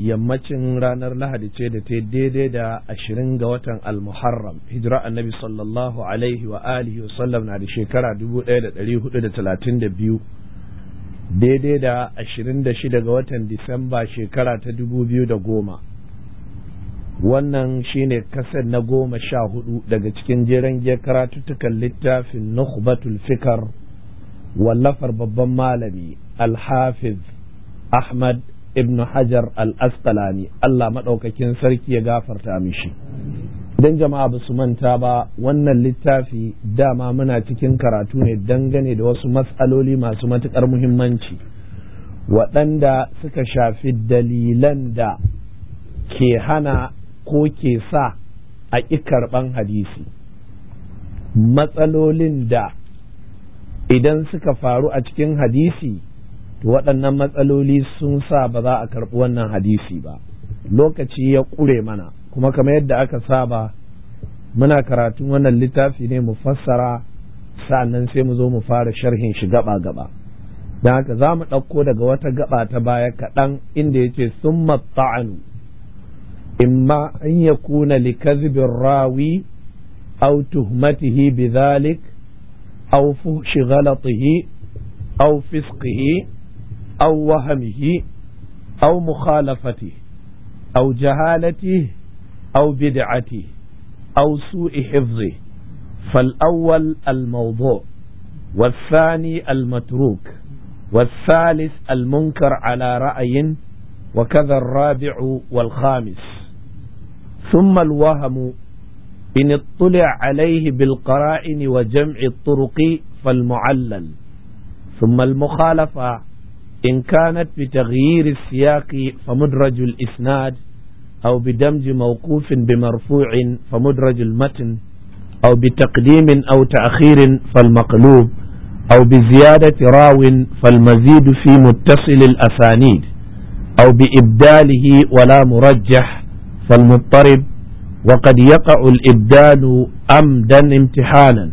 yammacin ranar lahadi ce da ta daidai da ashirin ga watan almuharram hijira annabi sallallahu alaihi wa alihi wa sallam na da shekara dubu ɗaya da dari hudu da talatin da biyu daidai da ashirin da shida ga watan disamba shekara ta dubu biyu da goma wannan shine kasar na goma sha hudu daga cikin jeren karatuttukan littafin nukhbatul fikar wallafar babban malami alhafiz ahmad ibn hajar al-asqalani Allah maɗaukakin sarki ya gafarta mishi idan jama'a ba su manta ba wannan littafi dama muna cikin karatu ne dangane da wasu matsaloli masu matuƙar muhimmanci waɗanda suka shafi dalilan da ke hana ko ke sa a ƙi hadisi matsalolin da idan suka faru a cikin hadisi to waɗannan matsaloli sun sa ba za a karɓi wannan hadisi ba lokaci ya ƙure mana kuma kamar yadda aka saba muna karatun wannan littafi ne mu fassara sa'annan sai mu zo mu fara sharhin shi gaba gaba don haka za mu ɗauko daga wata gaba ta baya kaɗan inda ya ce sun matta'anu imma an ya kuna likazibin rawi tuhmatihi bi zalik au fushi غلطه au فسقه أو وهمه أو مخالفته أو جهالته أو بدعته أو سوء حفظه فالأول الموضوع والثاني المتروك والثالث المنكر على رأي وكذا الرابع والخامس ثم الوهم إن اطلع عليه بالقرائن وجمع الطرق فالمعلل ثم المخالفة إن كانت بتغيير السياق فمدرج الإسناد أو بدمج موقوف بمرفوع فمدرج المتن أو بتقديم أو تأخير فالمقلوب أو بزيادة راو فالمزيد في متصل الأسانيد أو بإبداله ولا مرجح فالمضطرب وقد يقع الإبدال أمدا امتحانا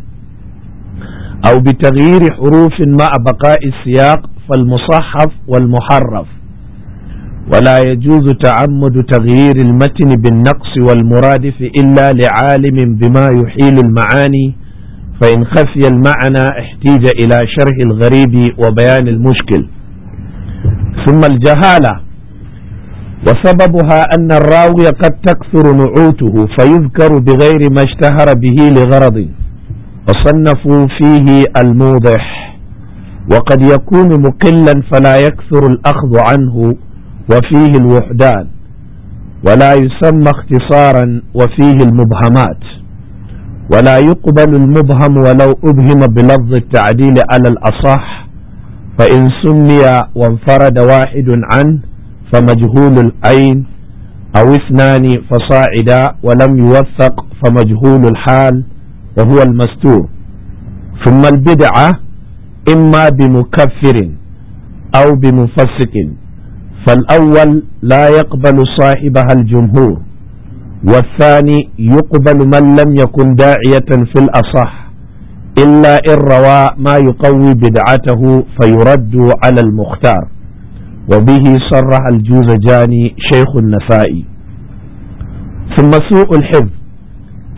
أو بتغيير حروف مع بقاء السياق فالمصحف والمحرف ولا يجوز تعمد تغيير المتن بالنقص والمرادف إلا لعالم بما يحيل المعاني فإن خفي المعنى احتيج إلى شرح الغريب وبيان المشكل ثم الجهالة وسببها أن الراوي قد تكثر نعوته فيذكر بغير ما اشتهر به لغرض وصنفوا فيه الموضح وقد يكون مقلا فلا يكثر الأخذ عنه وفيه الوحدان ولا يسمى اختصارا وفيه المبهمات ولا يقبل المبهم ولو أبهم بلفظ التعديل على الأصح فإن سمي وانفرد واحد عنه فمجهول العين أو اثنان فصاعدا ولم يوثق فمجهول الحال وهو المستور ثم البدعة إما بمكفر أو بمفسق فالأول لا يقبل صاحبها الجمهور والثاني يقبل من لم يكن داعية في الأصح إلا إن روى ما يقوي بدعته فيرد على المختار وبه صرح الجوزجاني شيخ النسائي ثم سوء الحفظ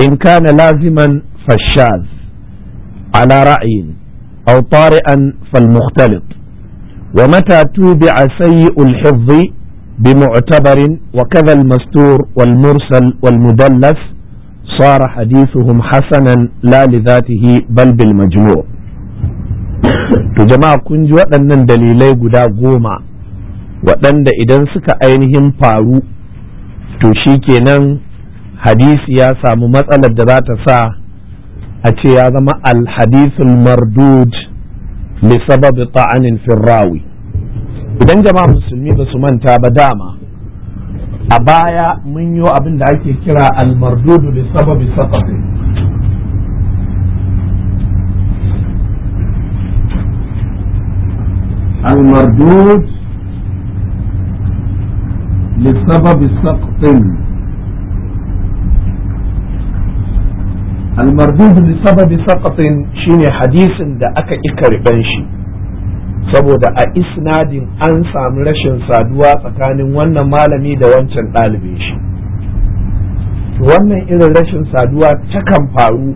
إن كان لازما فالشاذ على رأي أو طارئا فالمختلط ومتى توبع سيء الحظ بمعتبر وكذا المستور والمرسل والمدلس صار حديثهم حسنا لا لذاته بل بالمجموع جماعة كنج ودن دليلي قدا قوما ودن دا إدن سكا أينهم فارو تشيكي نن حديث يا سامو مسألة دباتة ساه a ce ya zama alhadithul mardud li sababi ta'anin firrawi idan jama'a musulmi ba su manta ba dama a baya mun yi abin da ake kira almardudu li sababi safafi المردود لسبب سقط almardud li sababi saqatin shine hadisin da aka ki karban shi saboda a isnadin an sami rashin saduwa tsakanin wannan malami da wancan ɗalibin shi wannan irin rashin saduwa takan faru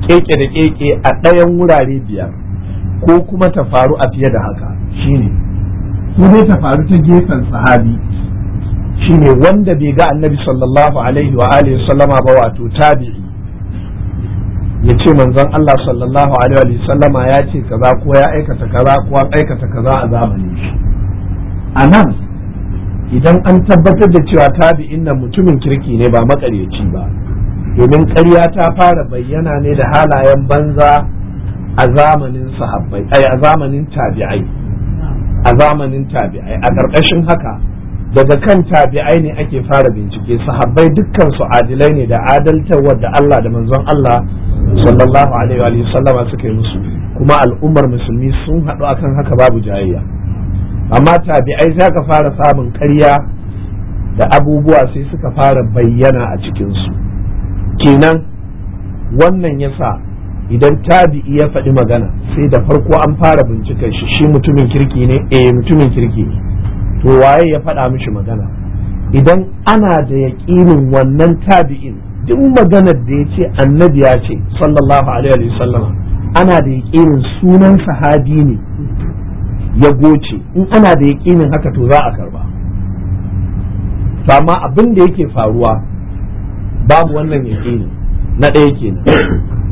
ƙeƙe da keke a ɗayan wurare biyar ko kuma ta faru a fiye da haka shine ko dai ta faru ta gefen sahabi shine wanda bai ga annabi sallallahu alaihi sallama ba wato tabi'i ya ce manzon Allah sallallahu alaihi wa sallama ya ce kaza ko ya aikata kaza ko an aikata kaza a zamanin shi a idan an tabbatar da cewa tabi'in nan mutumin kirki ne ba makaryaci ba domin ƙarya ta fara bayyana ne da halayen banza a zamanin sahabbai a zamanin tabi'ai a zamanin tabi'ai a ƙarƙashin haka daga kan tabi'ai ne ake fara bincike sahabbai dukkan su adilai ne da adaltar da Allah da manzon Allah sallallahu alaihi wa sallama suka yi musu kuma al'ummar musulmi sun haɗu akan haka babu jayayya amma tabi'ai sai ka fara samun ƙarya da abubuwa sai suka fara bayyana a cikin su kenan wannan yasa idan tabi'i ya faɗi magana sai da farko an fara binciken shi shi mutumin kirki ne eh mutumin kirki ne to waye ya faɗa mishi magana idan ana da yaƙinin wannan tabi'in duk maganar da ya ce annabi ya ce sallallahu alaihi wa sallam ana da yaƙinin sunan sahabi ne ya goce in ana da yaƙinin haka to za a karba amma abin da yake faruwa babu wannan yaƙini na ɗaya kenan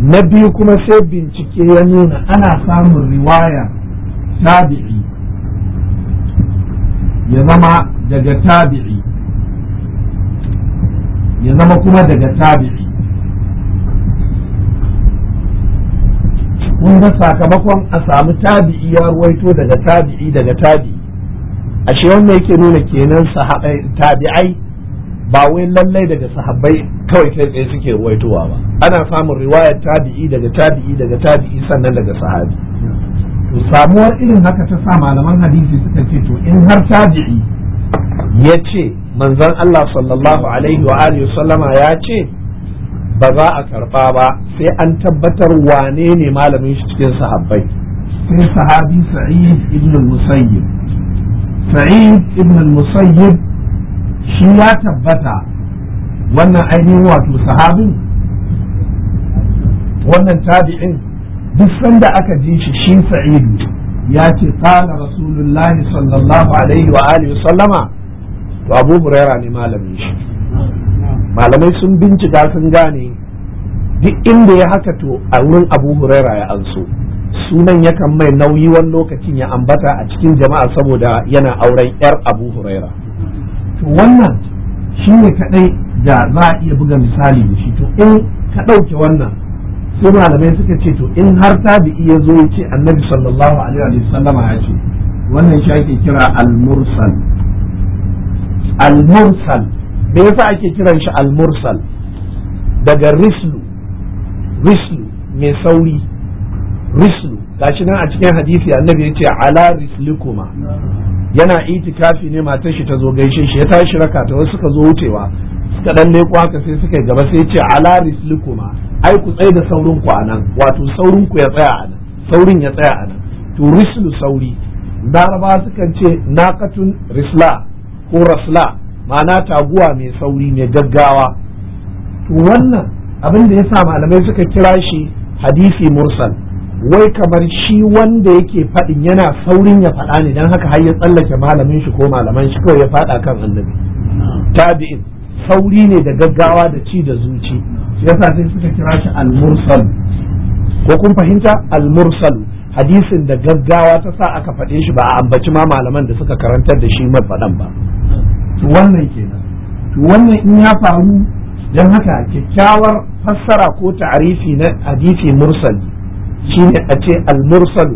na biyu kuma sai bincike ya nuna ana samun riwaya tabi'i ya zama daga tabi'i ya zama kuma daga tabi'i kun ga sakamakon a samu tabi'i ya ruwaito daga tabi'i daga tabi'i ashe wannan yake nuna kenan tabi'ai ba wai lallai daga sahabbai kawai kai tsaye suke ruwaitowa ba ana samun riwayar tabi'i daga tabi'i daga tabi'i sannan daga sahabi to samuwar irin haka ta sa malaman hadisi suka ce to in har tabi'i ya ce manzon Allah sallallahu alaihi wa alihi sallama ya ce ba za a karba ba sai an tabbatar wane ne malamin shi cikin sahabbai sai sahabi sa'id ibn al-musayyib sa'id ibn al-musayyib shi ya tabbata wannan ainihin wato sahabin wannan tabi'in duk sanda aka ji shi shi sa'idu ya ce kana rasulullahi sallallahu alaihi wa alihi sallama to abu huraira ne malamin shi malamai sun bincika sun gane duk inda ya haka to a wurin abu huraira ya anso sunan yakan mai nauyi wani lokacin ya ambata a cikin jama'a saboda yana auren yar abu huraira to wannan shi ne kadai da za a iya buga misali da shi to in ka ɗauke wannan sai malamai suka ce to in har tabi'i ya zo ya ce annabi sallallahu alaihi wa sallama ya ce wannan shi ake kira al-mursal al-mursal me yasa ake kiran shi al-mursal daga rislu rislu mai sauri rislu gashi nan a cikin hadisi annabi ya ce ala rislikuma yana itikafi ne matar shi ta zo gaishe shi ya tashi raka ta wasu suka zo wucewa suka dan leko haka sai suka gaba sai ce ala rislikuma ai ku tsaye da saurin ku anan wato saurin ku ya tsaya anan saurin ya tsaya anan to rislu sauri daraba sukan ce naqatun risla ko rasla ma'ana taguwa mai sauri mai gaggawa to wannan abin da yasa malamai suka kira shi hadisi mursal wai kamar shi wanda yake faɗin yana saurin ya faɗa ne don haka har ya tsallake malamin shi ko malaman shi kawai ya faɗa kan annabi tabi'in sauri ne da gaggawa da ci da zuci yasa sai suka kira shi al-mursal ko kun fahimta al-mursal hadisin da gaggawa ta sa aka faɗe shi ba a ambaci ma malaman da suka karantar da shi faɗan ba to wannan kenan to wannan in ya faru dan haka kyakkyawar fassara ko ta'arifi na hadisi mursali shine a ce al mursal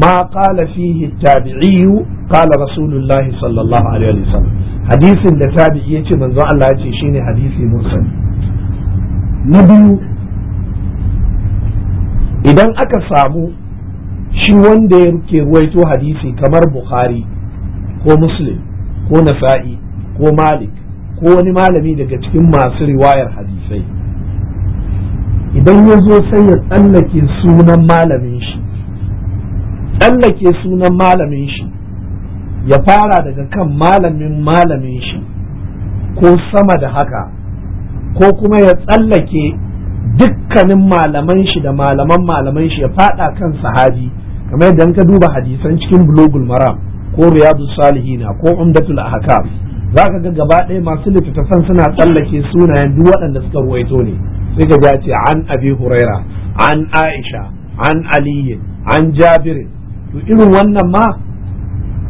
ma qala fihi tabi'i qala rasulullahi sallallahu alaihi wasallam hadisin da tabi'i yace manzon Allah yace shine hadisi mursal na biyu idan aka samu shi wanda ya ke ruwaito hadisi kamar bukhari ko muslim ko nasa'i ko malik ko wani malami daga cikin masu riwayar hadisai idan ya zo sai ya tsallake sunan malamin shi tsallake sunan malamin shi ya fara daga kan malamin malamin shi ko sama da haka ko kuma ya tsallake dukkanin malaman shi da malaman malaman shi ya fada kan sahabi kamar yadda ka duba hadisan cikin bulogul maram ko riyadu na ko umdatul ahkam za ka ga gaba ɗaya masu littattafan suna tsallake sunayen duk waɗanda suka ruwaito ne sai ka ce an abi huraira an aisha an aliyin an jabirin to irin wannan ma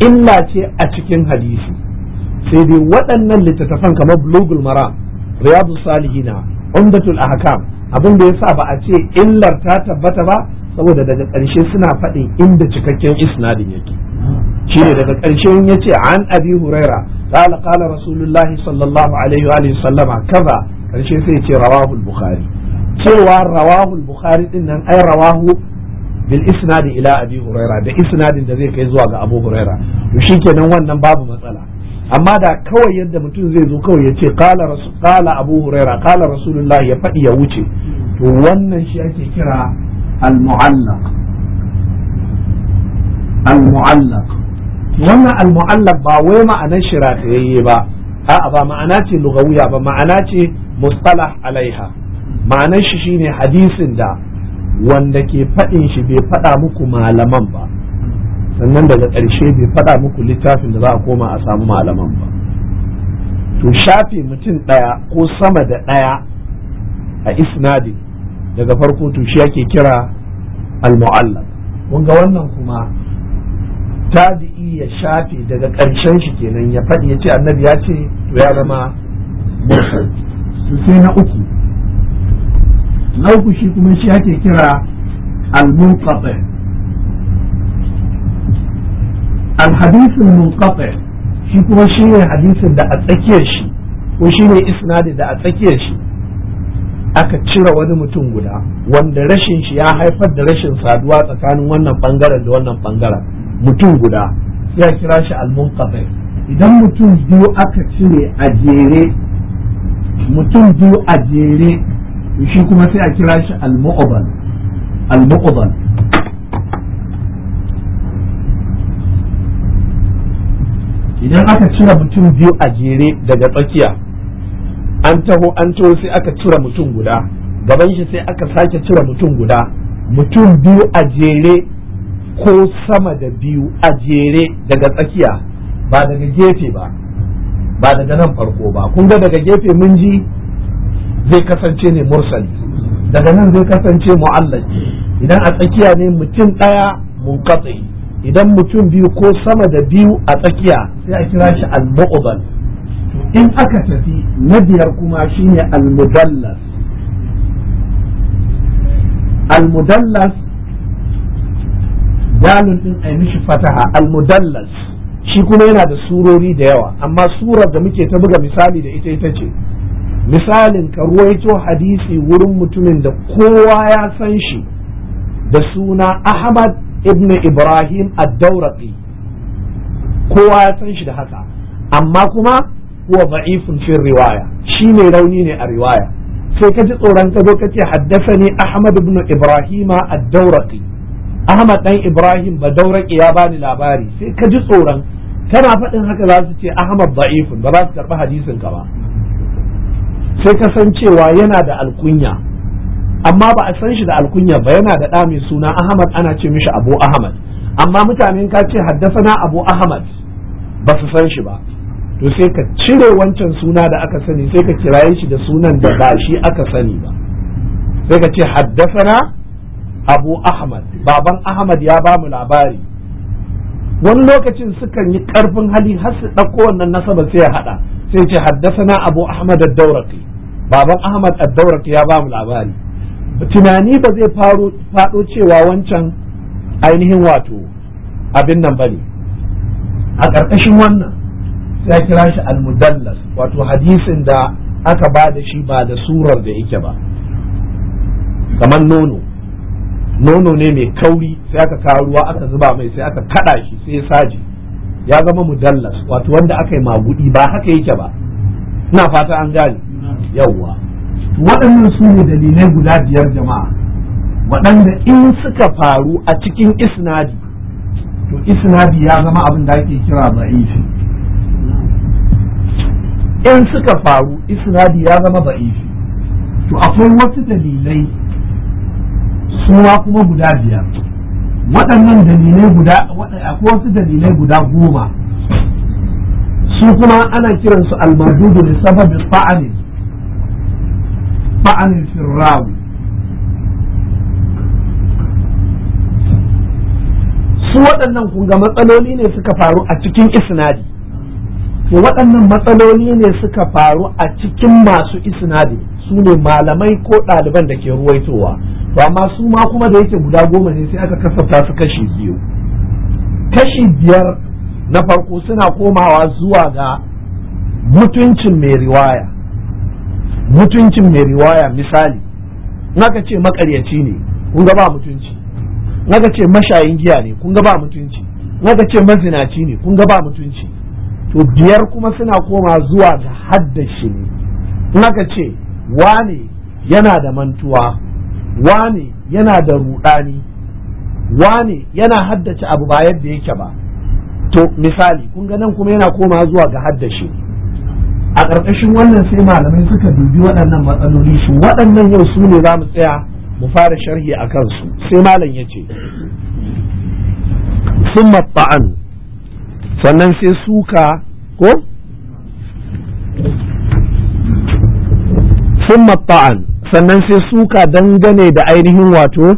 illa ce a cikin hadisi sai dai waɗannan littattafan kamar bulugul maram riyadu salihina umdatul ahkam abin da yasa ba a ce illar ta tabbata ba saboda daga ƙarshe suna faɗin inda cikakken isnadin yake shine daga ƙarshe ya ce an abi huraira qala qala rasulullahi sallallahu alaihi wa alihi sallama kaza ƙarshe sai ce rawahul bukhari cewa rawahul bukhari din nan ai rawahu bil isnadi ila abi huraira da isnadin da zai kai zuwa ga abu huraira to shikenan wannan babu matsala amma da kawai yadda mutum zai zo kawai ya ce qala rasul qala abu huraira qala rasulullahi ya faɗi ya wuce to wannan shi ake kira al mu'allaq al mu'allaq wannan al mu'allaq ba wai ma'anar shiratayayye ba a'a ba ma'ana ce lugawiya ba ma'ana ce mustalah alaiha ma'anar shi shine hadisin da wanda ke faɗin shi bai faɗa muku malaman ba sannan daga ƙarshe bai faɗa muku littafin da za a koma a samu malaman ba to shafe mutum ɗaya ko sama da ɗaya a isnadin daga farko to shi ake kira al-mu'allaf ga wannan kuma tabi'i ya shafe daga ƙarshen shi kenan ya faɗi ya ce annabi ya ce to ya zama sai na uku na uku shi kuma shi ake kira al-munqati al al munqati shi kuma shi ne hadisin da a tsakiyar shi ko shi ne isnadi da a tsakiyar shi aka cire wani mutum guda wanda rashin shi ya haifar da rashin saduwa tsakanin wannan bangaren da wannan bangaren mutum guda ya kira shi al-munqati idan mutum biyu aka cire a jere mutum biyu a jere shi kuma sai a kira shi al-mu'abal al-mu'abal idan aka cire mutum biyu a jere daga tsakiya an taho an taho sai aka cire mutum guda gaban shi sai aka sake cire mutum guda mutum biyu a jere ko sama da biyu a jere daga tsakiya ba daga gefe ba ba daga nan farko ba kun ga daga gefe mun ji zai kasance ne mursali daga nan zai kasance mu'allaj idan a tsakiya ne mutum ɗaya munqati idan mutum biyu ko sama da biyu a tsakiya sai a kira shi al mudhal in aka tafi na biyar kuma shine al-mudallas al-mudallas dalil din mishi fataha al-mudallas shi kuma yana da surori da yawa amma surar da muke ta buga misali da ita ita ce misalin ka ruwaito hadisi wurin mutumin da kowa ya san shi da suna ahmad ibn ibrahim ad-dauraqi kowa ya san shi da haka amma kuma huwa da'ifun fi riwaya shi mai rauni ne a riwaya sai ka ji tsoron ka zo kace haddathani ahmad ibn ibrahim ad-dauraqi ahmad dan ibrahim ba ya bani labari sai ka ji tsoron kana faɗin haka za su ce ahmad da'ifun ba za su karɓi hadisin ka ba sai kasancewa yana da alkunya amma ba a san shi da alkunya ba yana da ɗa mai suna ahmad ana ce mishi abu ahmad amma mutanen ka ce haddasana abu ahmad ba su san shi ba to sai ka cire wancan suna da aka sani sai ka kiraye shi da sunan da ba shi aka sani ba sai ka ce haddasana abu ahmad baban ahmad ya ba mu labari wani lokacin sukan yi karfin hali har su ɗauko wannan nasabar sai ya haɗa sai ce haddasana abu ahmad ad baban ahmad ad ya ba mu labari tunani ba zai faro cewa wancan ainihin wato abin nan bane a ƙarƙashin wannan sai kira shi al wato hadisin da aka ba da shi ba da surar da yake ba kamar nono nono ne mai kauri sai aka karuwa ruwa aka zuba mai sai aka kada shi sai ya saji ya zama mudallas wato wanda aka yi magudi ba haka yake ba ina fata an gane yawwa waɗannan su ne dalilai guda biyar jama'a waɗanda in suka faru a cikin isnadi to isnadi ya zama abin da ake kira ba'ifi in suka faru isnadi ya zama ba'ifi to akwai wasu dalilai suna kuma guda biyar waɗannan dalilai guda akwai wasu dalilai guda goma su kuma ana kiransu almadudu ne sababin fa'anin fa'anin firrawi su waɗannan kunga matsaloli ne suka faru a cikin isnadi to waɗannan matsaloli ne suka faru a cikin masu isnadi su ne malamai ko ɗaliban da ke ruwaitowa to amma su ma kuma da yake guda goma ne sai aka kasafta su kashi biyu kashi biyar na farko suna komawa zuwa ga mutuncin mai riwaya mutuncin mai riwaya misali naka ce makaryaci ne kun ga ba mutunci naka ce mashayin giya ne kun ga ba mutunci naka ce mazinaci ne kun ga ba mutunci to biyar kuma suna koma zuwa ga haddashi ne naka ce wane yana da mantuwa wane yana da rudani wane yana haddace abu ba yadda yake ba to misali kun ga nan kuma yana koma zuwa ga haddace a ƙarƙashin wannan sai malamai suka dubi waɗannan matsaloli su waɗannan yau su ne za mu tsaya mu fara sharhi a kansu sai malam ya ce sun mabba'an sannan sai suka ko sun mabba'an sannan sai suka dangane da ainihin wato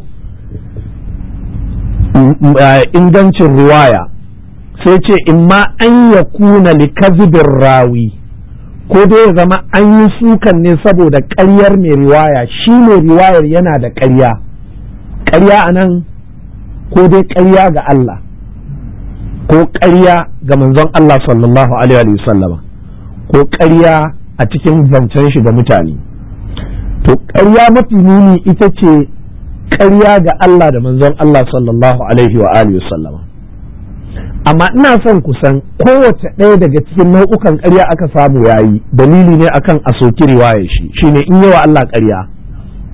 mm, mm, eh, ingancin ruwaya sai ce imma an ya kuna likazibin rawi ko dai ya zama an yi sukan ne saboda ƙaryar mai riwaya shi mai riwayar yana da ƙarya ƙarya a nan ko dai ƙarya ga Allah ko ƙarya ga manzon Allah sallallahu alaihi Wasallama, ko ƙarya a cikin zancen shi da mutane to ƙarya mafi nuni ita ce ƙarya ga Allah da manzon Allah sallallahu alaihi wa alihi sallama amma ina son kusan kowace ɗaya daga cikin nau'ukan ƙarya aka samu yayi dalili ne akan a soki riwayar shi shine in yawa Allah ƙarya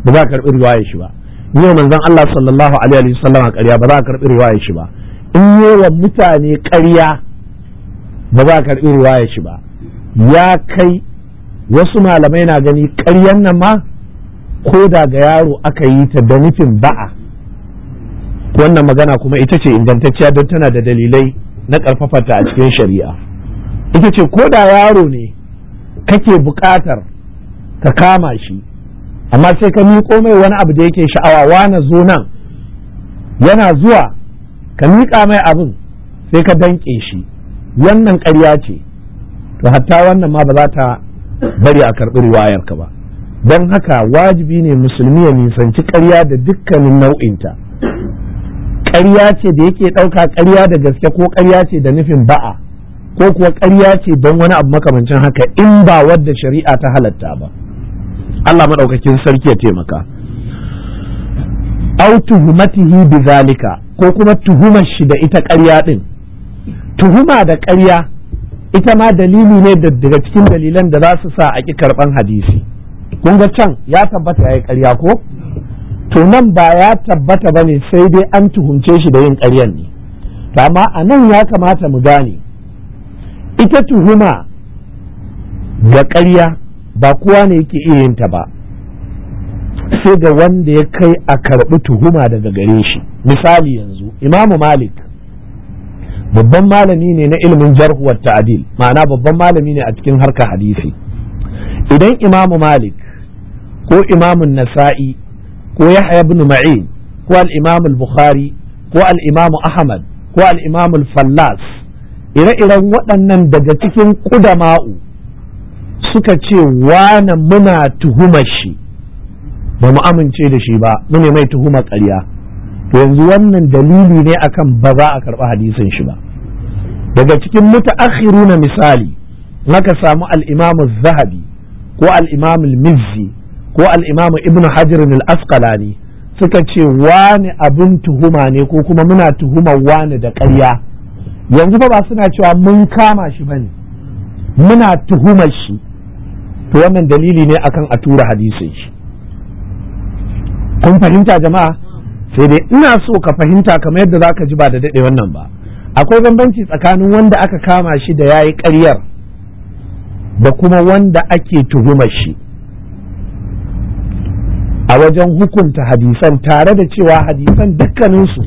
ba za ka karɓi riwayar shi ba in yawa manzon Allah sallallahu alaihi wa sallama ƙarya ba za ka karɓi riwayar shi ba in yawa mutane ƙarya ba za ka karɓi riwayar shi ba ya kai wasu malamai na gani ƙaryan nan ma ko da ga yaro aka yi ta da nufin ba'a wannan magana kuma ita ce ingantacciya don tana da dalilai na ƙarfafata a cikin shari'a ita ce ko da yaro ne kake buƙatar ka kama shi amma sai ka miƙo mai wani abu da yake sha'awa wana zo nan yana zuwa ka miƙa mai abin sai ka danƙe shi wannan ƙarya ce to hatta wannan ma ba za ta bari a karɓi riwayar ka ba don haka wajibi ne musulmi ya nisanci ƙarya da dukkanin nau'inta ƙarya ce da yake ɗauka ƙarya da gaske ko ƙarya ce da nufin ba'a ko kuwa ƙarya ce don wani abu makamancin haka in ba wadda shari'a ta halatta ba Allah maɗaukakin sarki ya taimaka au tuhumatihi bi zalika ko kuma tuhumar shi da ita ƙarya ɗin tuhuma da ƙarya ita ma dalili ne daga cikin dalilan da za su sa a ki karɓan hadisi kun ga can ya tabbata ya yi ƙarya ko to nan ba ya tabbata ba ne sai dai an tuhumce shi da yin ƙaryan ne to amma a nan ya kamata mu gane ita tuhuma ga ƙarya ba kowa ne yake iya yin ta ba sai ga wanda ya kai a karɓi tuhuma daga gare shi misali yanzu imamu malik babban malami ne na ilimin jarhuwar ta'adil ma'ana babban malami ne a cikin harkar hadisi idan imamu malik ko imamun nasa'i ko yahya Bin ma'in ko al bukhari ko al imamu ahmad ko al imamul fallas ire-iren waɗannan daga cikin ƙudama'u suka ce wane muna tuhumar shi ba mu amince da shi ba mu ne mai tuhumar ƙarya to yanzu wannan dalili ne akan ba za a karɓi hadisin shi ba daga cikin mutaakhiruna misali naka samu al-imam zahabi ko al-imam al-mizzi ko al-imam ibn hajar al-asqalani suka ce wani abin tuhuma ne ko kuma muna tuhumar wani da ƙarya yanzu fa ba suna cewa mun kama shi bane muna tuhumar shi to wannan dalili ne akan a tura hadisin shi kun fahimta jama'a sai dai ina so ka fahimta kamar yadda za ka ji ba da daɗe wannan ba akwai bambanci tsakanin wanda aka kama shi da yayi ƙaryar da kuma wanda ake tuhumar shi a wajen hukunta hadisan tare da cewa hadisan dukkaninsu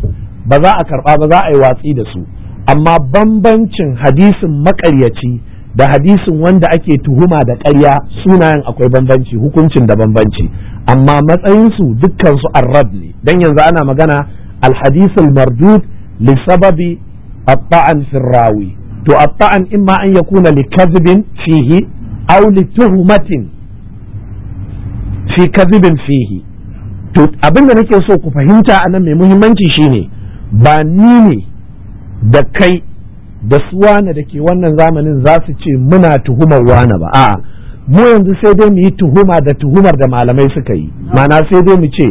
ba za a karɓa ba za a yi watsi da su amma bambancin hadisin maƙaryaci da hadisin wanda ake tuhuma da ƙarya sunayen akwai bambanci hukuncin da bambanci amma matsayinsu dukkansu arrad ne dan yanzu ana magana alhadisul mardud li sababi at-ta'an to atta'an imma an yakuna likazibin fihi aw lituhmatin fi kazibin fihi to abin da nake so ku fahimta anan mai muhimmanci shine ba ni ne da kai da suwana da ke wannan zamanin za su ce muna tuhumar wani ba a'a mu yanzu sai dai mu yi tuhuma da tuhumar da malamai suka yi mana sai dai mu ce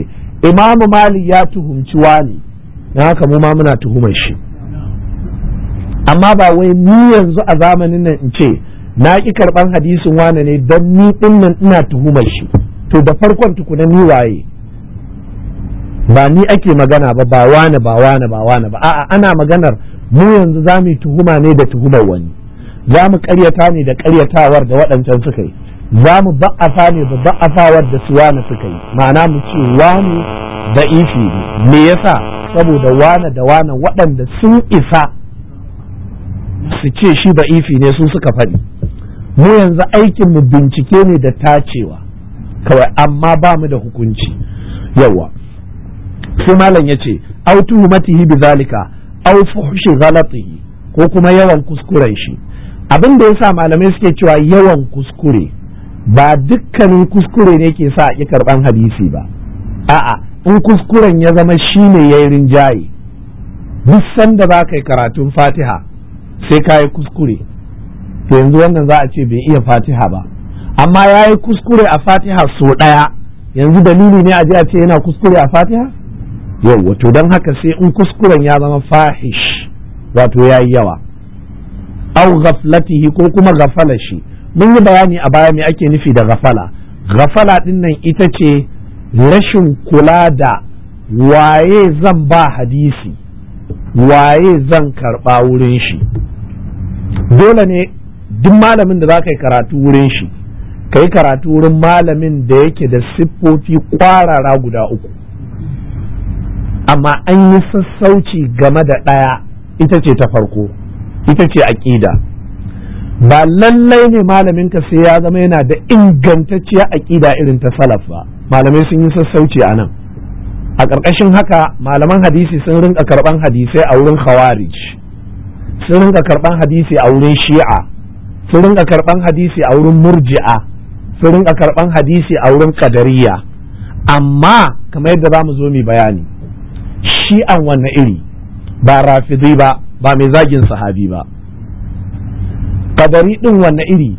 imamu mali ya tuhumci wani na haka mu ma muna tuhumar shi amma ba wai ni yanzu a zamanin nan in ce na ƙi karban hadisin wane ne don ni din nan ina tuhumar shi to da farkon tukuna ni waye ba ni ake magana ba ba wane ba wane ba wane ba a'a ana maganar mu yanzu za mu yi tuhuma ne da tuhumar wani za mu karyata ne da karyatawar da waɗancan suka yi za mu ba'afa ne da ba'afawar da su wane suka yi ma'ana mu ce wane da ifi ne me yasa saboda wane da wane waɗanda sun isa su ce shi ifi ne su suka faɗi mu yanzu aikinmu bincike ne da tacewa kawai amma ba mu da hukunci yawa sai malam ya ce au matihi bi zalika au fuhshi ghalatihi ko kuma yawan kuskuren shi abin da yasa malamai suke cewa yawan kuskure ba dukkanin kuskure ne ke sa ki karban hadisi ba a'a in kuskuren ya zama shine yayin rinjaye duk sanda za ka yi karatun fatiha sai ka yi kuskure to yanzu wannan za a ce bai iya fatiha ba amma ya yi kuskure a fatiha so ɗaya yanzu dalili ne a a ce yana kuskure a fatiha yau to don haka sai in kuskuren ya zama fahish wato ya yi yawa au ghaflatihi ko kuma Gafala shi mun yi bayani a baya me ake nufi da Gafala. Gafala din nan ita ce rashin kula da waye zan ba hadisi waye zan karɓa wurin shi dole ne duk malamin da za ka yi karatu wurin shi ka yi karatu wurin malamin da yake da siffofi kwarara guda uku amma an yi sassauci game da ɗaya ita ce ta farko ita ce aƙida ba lallai ne malamin ka sai ya zama yana da ingantacciyar aƙida irin ta salaf ba malamai sun yi sassauci a nan a ƙarƙashin haka malaman hadisi sun rinka karɓan hadisai a wurin khawarij sun rinka karban hadisi a wurin shi'a sun rinka karban hadisi a wurin murji'a sun rinka karban hadisi a wurin kadariya amma kamar yadda za mu zo mu bayani shi'an wanne iri ba rafidai ba ba mai zagin sahabi ba kadari ɗin wanne iri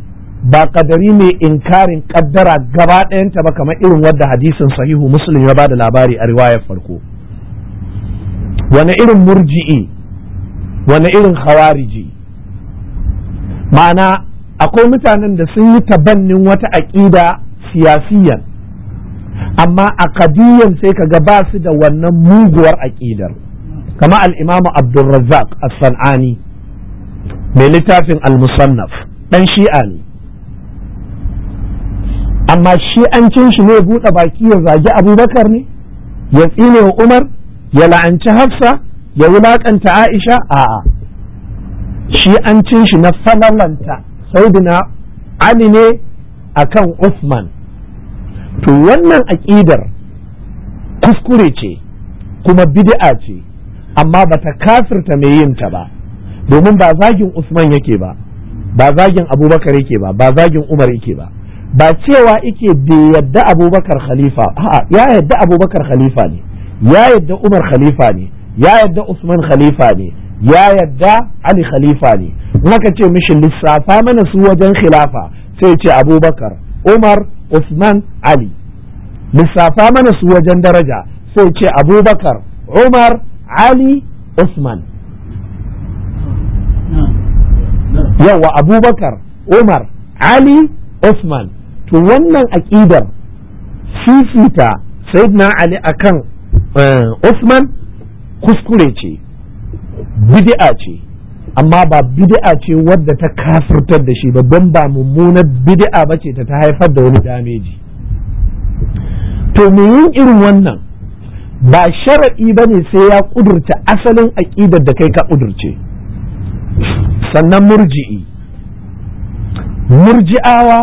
ba kadari mai inkarin kaddara gaba ɗayanta ba kamar irin wadda hadisin sahihu muslim ya ba da labari a riwayar farko wane irin murji'i wani irin hawariji ma'ana akwai mutanen da sun yi tabannin wata aƙida siyasiyan amma a kadiyan sai kaga ba su da wannan muguwar aƙidar kama al'imamu abdulrazzaq as-san'ani mai littafin al-musannaf ɗan shi'a ne amma shi'ancin shi ne buɗe baki ya zagi abubakar ne ya tsine wa umar ya la'anci hafsa ya wulakanta Aisha a'a shi an cin shi na falalanta saudina Ali ne akan Uthman to wannan aƙidar kuskure ce kuma bid'a ce amma bata kafirta mai yin ta ba domin ba zagin Usman yake ba ba zagin Abubakar yake ba ba zagin Umar yake ba ba cewa yake bai yadda Abubakar khalifa a'a ya yadda Abubakar khalifa ne ya yadda Umar khalifa ne ya yadda Usman khalifa ne ya yadda Ali khalifa ne Naka ce mishi lissafa mana su wajen khilafa sai ce Abubakar Umar Usman Ali lissafa mana su wajen daraja sai ce Abubakar Umar Ali Usman yawa Abubakar Umar Ali Usman to wannan aƙidar fifita Sayyidina Ali akan eh, Usman kuskure ce bid'a ce amma ba bid'a ce wadda ta kafirtar da shi ba don ba mummunar bid'a ba ce ta haifar da wani dameji to me yin irin wannan ba sharaɗi bane sai ya kudurta asalin aƙidar da kai ka ƙudurce sannan murji'i murji'awa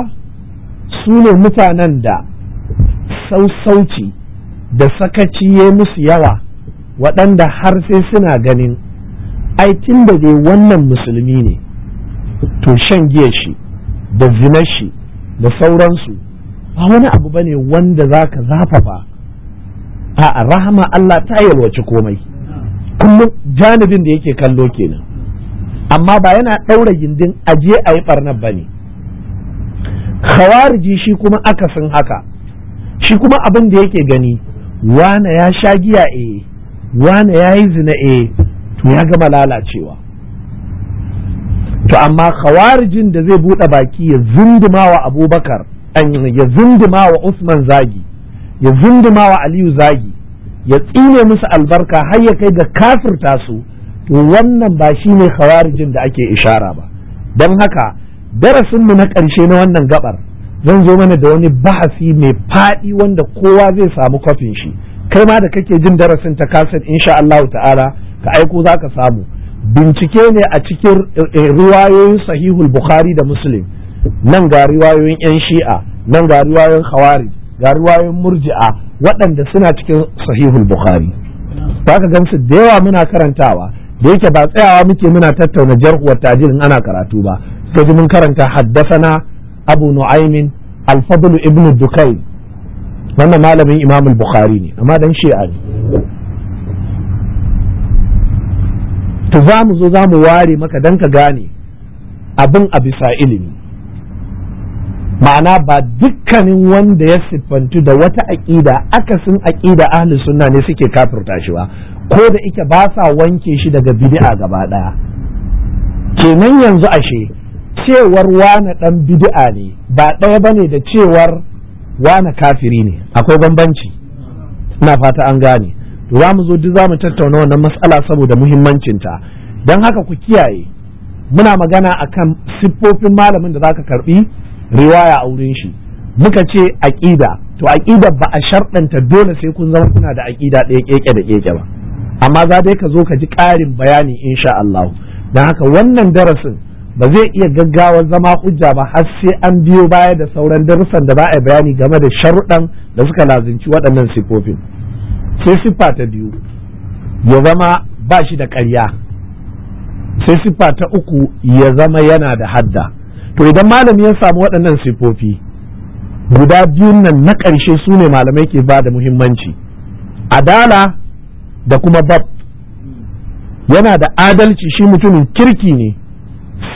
su ne mutanen da sausauci da sakaci ya musu yawa waɗanda har sai suna ganin aikin da dai wannan musulmi ne to shan giya shi da zinar shi da sauransu ba wani abu ba ne wanda za ka zafafa a rahama Allah ta yalwaci komai kullum janibin da yake kallo kenan amma ba yana ɗaura gindin aje a yi ɓarnar ba ne khawariji shi kuma akasin haka shi kuma abin da yake gani wane ya sha giya eh Wani ya yi zina e to ya gama lalacewa to amma khawarijin da zai buɗe baki ya zunduma wa abubakar ya zunduma wa usman zagi ya zunduma wa aliyu zagi ya tsine musu albarka har ya kai ga kafirta su to wannan ba shi ne khawarijin da ake ishara ba don haka darasinmu na ƙarshe na wannan gabar zan zo mana da wani bahasi mai faɗi wanda kowa zai samu kwafin shi kai ma da kake jin darasin ta kaset insha Allah ta'ala ka aiko za ka samu bincike ne a cikin eh, riwayoyin sahihul bukhari da muslim nan ga riwayoyin yan shi'a nan ga riwayoyin khawari ga riwayoyin murji'a waɗanda suna cikin sahihul bukhari za ka gamsu da yawa muna karantawa da yake ba tsayawa muke muna tattauna jarhuwar tajirin ana karatu ba sai mun karanta Haddasa na abu nu'aymin al ibnu ibn dukai wannan malamin imam bukhari ne amma dan shi'a ne to za mu zo za mu ware maka dan ka gane abin a bisa ilimi ma'ana ba dukkanin wanda ya siffantu da wata aƙida akasin aƙida ahli sunna ne suke kafirta shi ba ko da ike ba sa wanke shi daga bid'a gaba ɗaya kenan yanzu ashe cewar wani dan bid'a ne ba ɗaya bane da cewar wane kafiri ne akwai bambanci ina fata an gane za mu zo duk za mu tattauna wannan matsala saboda muhimmancinta don haka ku kiyaye muna magana akan siffofin malamin da za ka karbi riwaya a wurin shi muka ce aƙida to aƙida ba a sharɗanta dole sai kun zama kuna da aƙida ɗaya keke da keke ba amma za dai ka zo ka ji ƙarin bayani insha Allah don haka wannan darasin ba zai iya gaggawa zama hujja ba har sai an biyo baya da sauran darussan da za a bayani game da sharuɗan da suka lazinci waɗannan sifofin sai siffa ta biyu ya zama ba shi da ƙarya sai siffa ta uku ya zama yana da hadda to idan malami ya samu waɗannan sifofi guda biyun nan na ƙarshe su ne malamai ke ba da muhimmanci adala da kuma bab yana da adalci shi mutumin kirki ne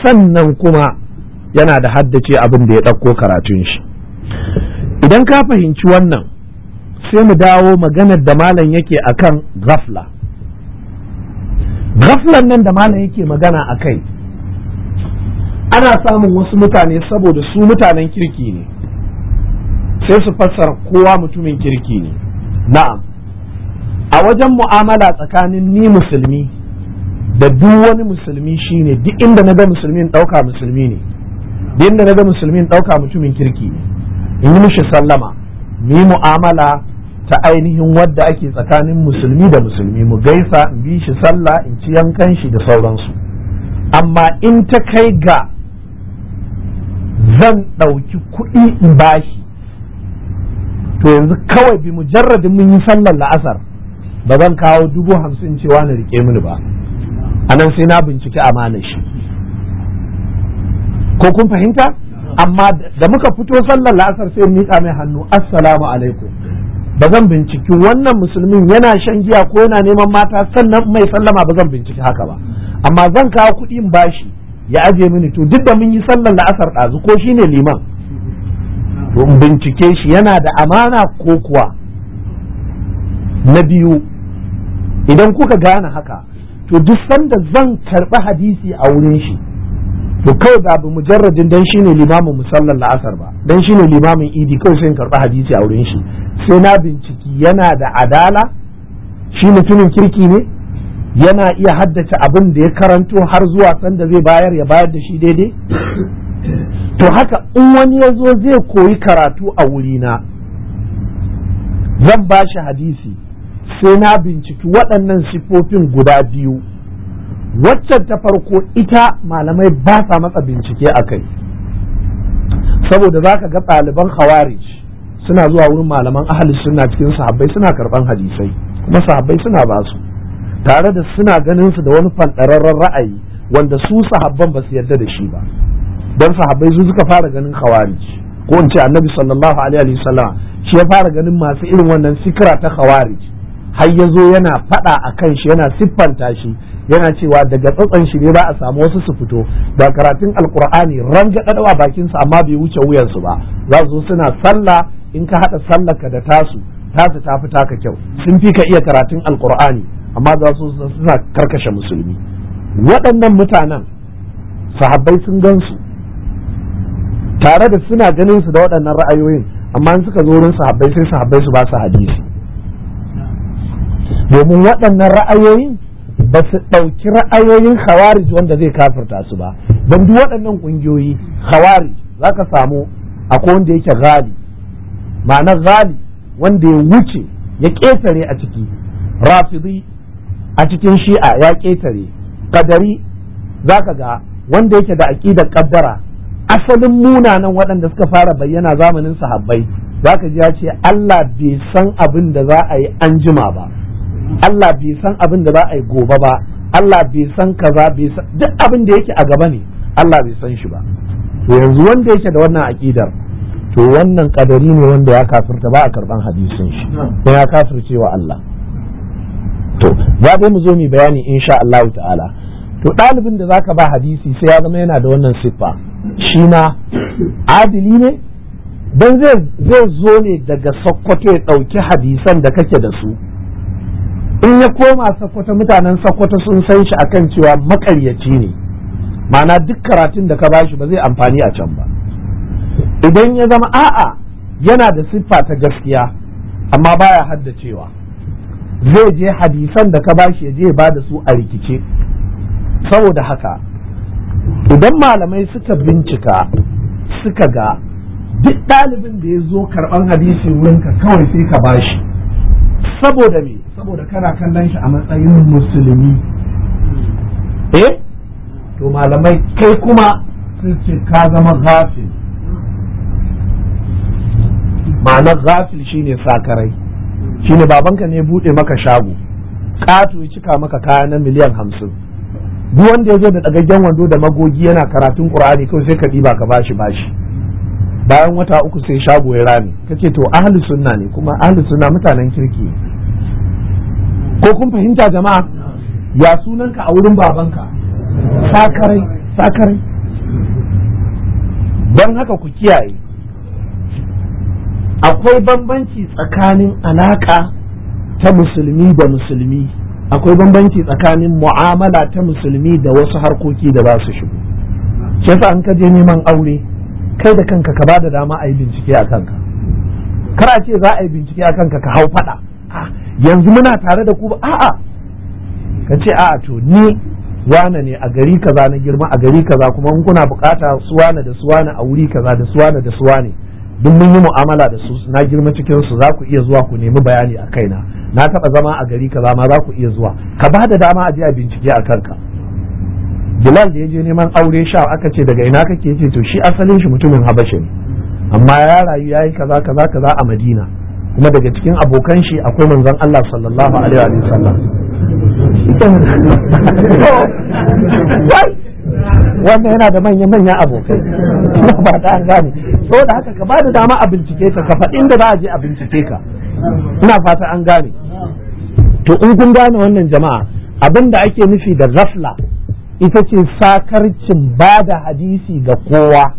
sannan kuma yana da haddace abin da ya ɗauko karatun shi idan ka fahimci wannan sai mu dawo maganar da malam yake akan gafla gaflan nan da malam yake magana a kai ana samun wasu mutane saboda su mutanen kirki ne sai su fassara kowa mutumin kirki ne na'am a wajen mu'amala tsakanin ni musulmi da duk wani musulmi shine duk inda na ga musulmin ɗauka musulmi ne duk inda na ga musulmin ɗauka mutumin kirki ne in yi mishi sallama mu yi mu'amala ta ainihin wadda ake tsakanin musulmi da musulmi mu gaisa in bi shi sallah in ci yankan shi da sauransu amma in ta kai ga zan ɗauki kuɗi in bashi to yanzu kawai bi mujarradin mun yi sallar la'asar ba zan kawo dubu hamsin cewa na rike mini ba anan sai na binciki amanar shi ko kun fahimta amma da muka fito sallar la'asar sai miƙa mai hannu assalamu alaikum ba zan binciki wannan musulmin yana shan giya ko yana neman mata sannan mai sallama ba zan binciki haka ba amma zan kawo kuɗi in bashi ya aje mini to duk da mun yi sallar la'asar ɗazu ko shi ne liman to in bincike shi yana da amana ko kuwa na biyu idan kuka gane haka to duk sanda zan karɓi hadisi a wurin shi to kawai ba abu mujarradin dan shine limamin musallar la'asar ba dan shine limamin idi kai sai in karɓi hadisi a wurin shi sai na binciki yana da adala shi mutumin kirki ne yana iya haddace abin da ya karanto har zuwa sanda zai bayar ya bayar da shi daidai to haka in wani ya zo zai koyi karatu a wurina zan ba shi hadisi sai na binciki waɗannan siffofin guda biyu waccan ta farko ita malamai ba sa matsa bincike a kai saboda za ka ga ɗaliban khawarij suna zuwa wurin malaman ahalis suna cikin sahabbai suna karɓan hadisai kuma sahabbai suna ba su tare da suna ganin su da wani fanɗararren ra'ayi wanda su sahabban ba su yarda da shi ba don sahabbai su suka fara ganin khawarij ko in ce annabi sallallahu alaihi wasallam shi ya fara ganin masu irin wannan sikira ta khawarij har ya zo yana faɗa a kan shi yana siffanta shi yana cewa daga tsatsan shi ne ba a samu wasu su fito ba karatun alkur'ani ranga bakin bakinsu amma bai wuce wuyansu ba za su suna sallah in ka haɗa ka da tasu tasu ta fi taka kyau sun fi ka iya karatun alkur'ani amma za su suna karkashe musulmi waɗannan mutanen sahabbai sun gansu tare da suna ganin su da waɗannan ra'ayoyin amma in suka zo wurin sahabbai sai sahabbai su ba su hadisi domin waɗannan ra'ayoyin ba su ɗauki ra'ayoyin khawarij wanda zai kafirta su ba don duk waɗannan ƙungiyoyi khawarij za ka samu akwai wanda yake ghali ma'ana ghali wanda ya wuce ya ƙetare a ciki rafidi a cikin shi'a ya ƙetare Ƙadari za ka ga wanda yake da aƙidar ƙaddara asalin munanan waɗanda suka fara bayyana zamanin sahabbai za ka ji ya ce Allah bai san abin da za a yi an jima ba Allah bai san abin da za a yi gobe ba Allah bai san kaza bai san duk abin da yake a gaba ne Allah bai san shi ba to yanzu wanda yake da wannan akidar to wannan kadari ne wanda ya kafirta ba a karban hadisin shi ko ya kafirce wa Allah to za dai mu zo mu bayani insha Allah ta'ala to ɗalibin da zaka ba hadisi sai ya zama yana da wannan siffa shi ma adili ne dan zai zo ne daga Sokoto ya ɗauki hadisan da kake da su in ya koma sakkwato mutanen sakkwato sun san shi akan cewa makaryaci ne mana duk karatun da ka bashi ba zai amfani a can ba idan ya zama a'a yana da siffa ta gaskiya amma baya cewa zai je hadisan da ka bashi ya je ba da su a rikice saboda haka idan malamai suka bincika suka ga duk ɗalibin da ya zo karɓan hadisi wurinka kawai sai ka bashi saboda me saboda kana kallon shi a matsayin musulmi eh to malamai kai kuma sun ce ka zama ghafil ma'anar ghafil shine sakarai shine babanka ne bude maka shago Kato ya cika maka kaya na miliyan hamsin duk wanda ya zo da ɗagaggen wando da magogi yana karatun ƙur'ani kawai sai ka diba ka bashi bashi bayan wata uku sai shago ya rame kace to ahlus sunna ne kuma ahlus sunna mutanen kirki ne ko kun fahimta jama'a ya sunanka a wurin babanka sakarai sakarai don haka ku kiyaye akwai bambanci tsakanin alaka ta musulmi da musulmi akwai bambanci tsakanin mu'amala ta musulmi da wasu harkoki da ba su shigo yasa an kaje neman aure kai da kanka ka ba da dama a yi bincike a kanka kar a ce za a yi bincike a kanka ka hau fada ah, yanzu muna tare da ku a'a ka ce a'a to ni wane ne a gari kaza na girma a gari kaza kuma in kuna bukata suwane da suwane a wuri kaza da suwane da suwane duk mun yi mu'amala da su na girma cikin su za ku iya zuwa ku nemi bayani a kaina na taba zama a gari kaza ma za ku iya zuwa ka ba da dama a je a bincike a kanka Bilal da ya je neman aure sha aka ce daga ina kake ce to shi asalin shi mutumin habashi ne amma ya rayu yayi kaza kaza kaza a Madina kuma daga cikin abokan shi akwai manzon Allah sallallahu alaihi wa sallam wannan yana da manya manya abokai ba ta an gane so da haka ka bada dama a bincike ka ka faɗin da za a je a bincike ka ina fata an gane to in kun gane wannan jama'a abin da ake nufi da rafla ita ce sakarcin ba da hadisi ga kowa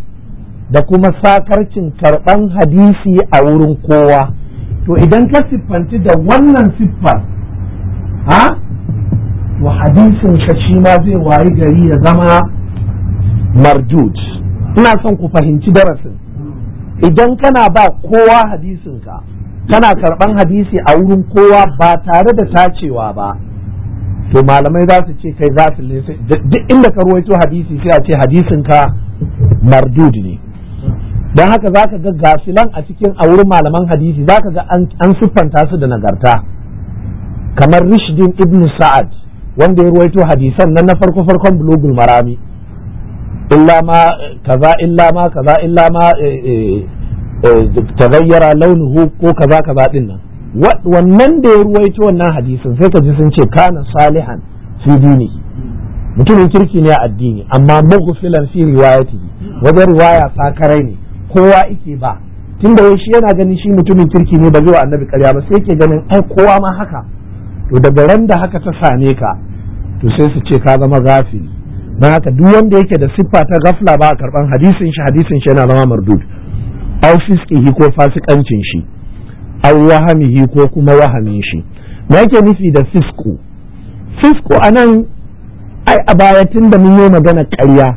da kuma sakarcin karɓan hadisi a wurin kowa to idan ka siffanci da wannan siffar ha to hadisin ka shi ma zai wayi gari ya zama marjuj ina son ku fahimci darasin idan kana ba kowa hadisin ka kana karban hadisi a wurin kowa ba tare da tacewa ba to malamai za su ce kai za su duk inda ka ruwaito hadisi sai a ce hadisin ka mardud ne don haka za ka ga gasilan a cikin a wurin malaman hadisi za ka ga an siffanta su da nagarta kamar rishdin ibn sa'ad wanda ya ruwaito hadisan nan na farko farkon bulogul marami kaza illa kaza illa ma eh, eh, eh, tagayyara launuhu ko kaza kaza din nan wannan da ya ruwaito wannan hadisin sai ka ji sun ce kana salihan fi dini mutumin kirki ne a addini amma filan fi riwayati wajen riwaya sakarai ne kowa ike ba tun da shi yana ganin shi mutumin kirki ne ba zai annabi karya ba sai ke ganin ai kowa ma haka to daga ran da haka ta same ka to sai su ce ka zama gafili don haka duk wanda yake da siffa ta gafla ba a karban hadisin shi hadisin shi yana zama mardud aw fiskihi ko fasikancin shi aw wahamihi ko kuma wahamin shi me yake nufi da fisku fisku anan ai a baya tun da mun yi magana karya.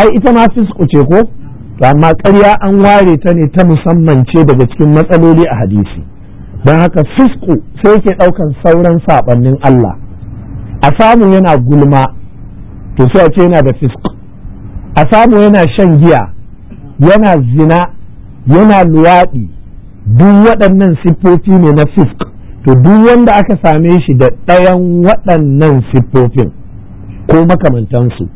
ai ita ma fisku ce ko to amma ƙarya an ware ta ne ta musamman ce daga cikin matsaloli a hadisi don haka fisku sai ke ɗaukan sauran saɓannin Allah a samu yana gulma to sai ce yana da fisku a samu yana shan giya yana zina yana luwaɗi duk waɗannan siffofi ne na fisk to duk wanda aka same shi da ɗayan waɗannan siffofin ko makamantansu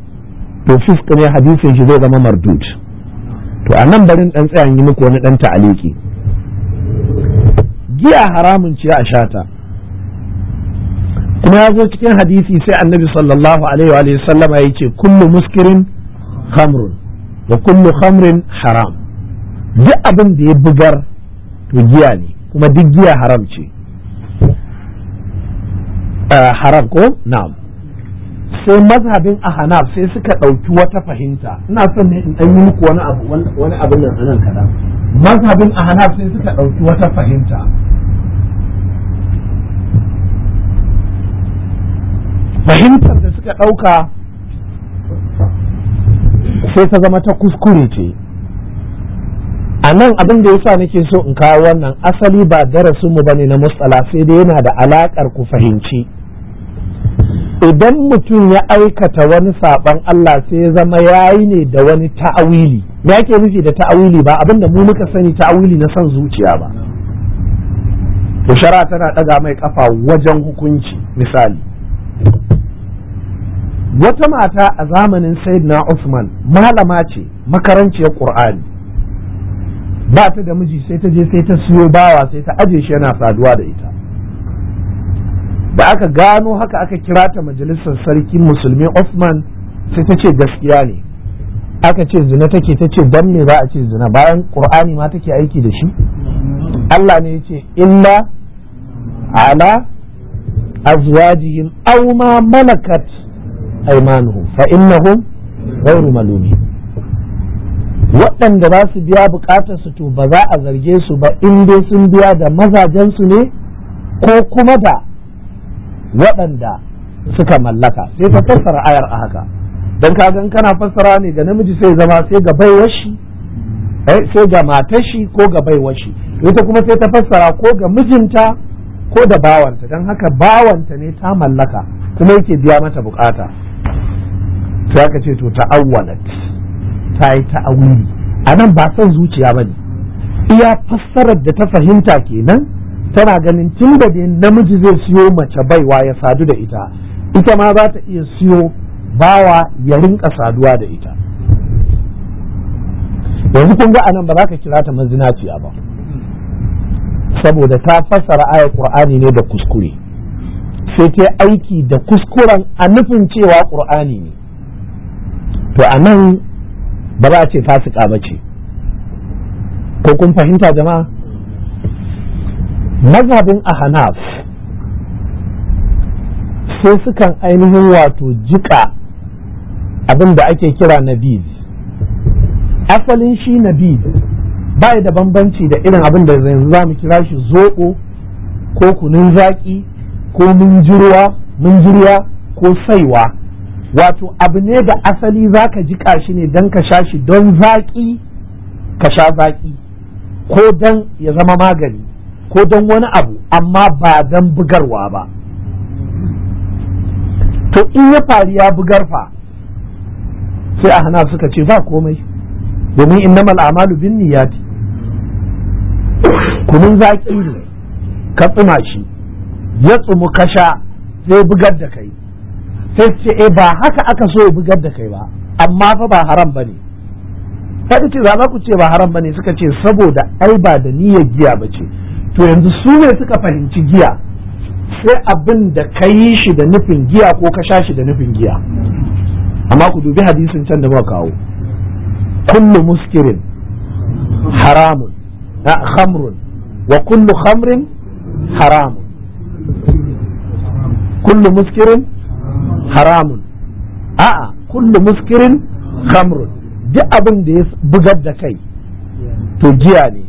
to fisk ne hadisin shi zai zama mardud. to a nan barin ɗan tsayan yi muku wani ɗan ta'aliki giya haramun ce a shata kuma ya zo cikin hadisi sai annabi sallallahu alaihi wa sallama ya ce kullu muskirin khamrun wa kullu khamrin haram duk abin da ya bugar to giya ne kuma duk giya haram ce eh, haram ko na'am sai mazhabin hanaf sai suka ɗauki wata fahimta ina son ne in ɗan yi muku wani abu wani abin nan nan kaɗan mazhabin hanaf sai suka ɗauki wata fahimta fahimtar da suka ɗauka sai ta zama ta kuskure ce a nan abin da yasa nake so in kawo wannan asali ba darasinmu ba ne na mustala sai dai yana da alaƙar ku fahimci idan mutum ya aikata wani saɓan Allah sai ya zama ya yi ne da wani ta'awili Ya ke nufi da ta'awili ba abinda mu muka sani ta'awili na son zuciya ba to shara tana ɗaga mai ƙafa wajen hukunci misali wata mata a zamanin sayyidina Usman malama ce makaranciyar Qur'ani ba ta da miji sai ta je sai ta siyo bawa sai ta aje shi yana saduwa da ita da aka gano haka aka kira ta majalisar sarki musulmi Osman sai ta ce gaskiya ne aka ce zina take ta ce dan me za a ce zina bayan qur'ani ma take aiki da shi Allah ne yace illa ala azwajihim aw ma malakat aymanuhum fa innahum ghayru malumin waɗanda za su biya bukatar su to ba za a zarge su ba in dai sun biya da mazajensu ne ko kuma da waɗanda suka mallaka sai ka fassara ayar a haka don kagan kana fassara ne ga namiji sai zama sai ga baiwashi eh, sai ga matashi ko ga baiwashi ita kuma sai ta fassara ko ga mijinta ko da bawanta don haka bawanta ne ta mallaka kuma yake biya mata bukata sai aka ce to ta'awwalat ta yi ta'awili a nan ba son zuciya ba ne iya fassarar da ta fahimta kenan tana ganin tun da namiji zai siyo mace baiwa ya sadu da ita ita ma za ta iya siyo bawa ya rinka saduwa da ita yanzu kun ga anan ba za ka kira ta mazinaciya ba saboda ta fassara ayar qur'ani ne da kuskure sai ta aiki da kuskuren a nufin cewa qur'ani ne to anan nan ba za a ce fasika ba ce ko kun fahimta jama'a mazhabin ahnaf sai sukan ainihin wato jika abinda ake kira nabiz asalin shi nabiz ba da bambanci da irin abinda da yanzu za mu kira shi zoɓo ko kunun zaƙi ko munjirwa ko saiwa wato abu ne da asali za ka jika shi ne don ka sha shi don zaƙi ka sha zaƙi ko don ya zama magani ko don wani abu amma ba don bugarwa ba to in ya faru ya bugar fa sai a hana suka ce ba komai domin innamal amalu bin niyati kunun zaki ne ka tsuma shi ya tsumu kasha sai bugar da kai sai ce e ba haka aka so ya bugar da kai ba amma fa ba haram ba ne faɗi ce za ku ce ba haram ba ne suka ce saboda ai ba da niyyar giya ba ce to yanzu su ne suka fahimci giya sai abin da ka yi shi da nufin giya ko ka sha shi da nufin giya amma ku dubi hadisin can da muka kawo kullu muskirin haramun khamrun wa kullu khamrin haramun kullu muskirin haramun a'a kullu muskirin khamrun duk abin da ya bugar da kai to giya ne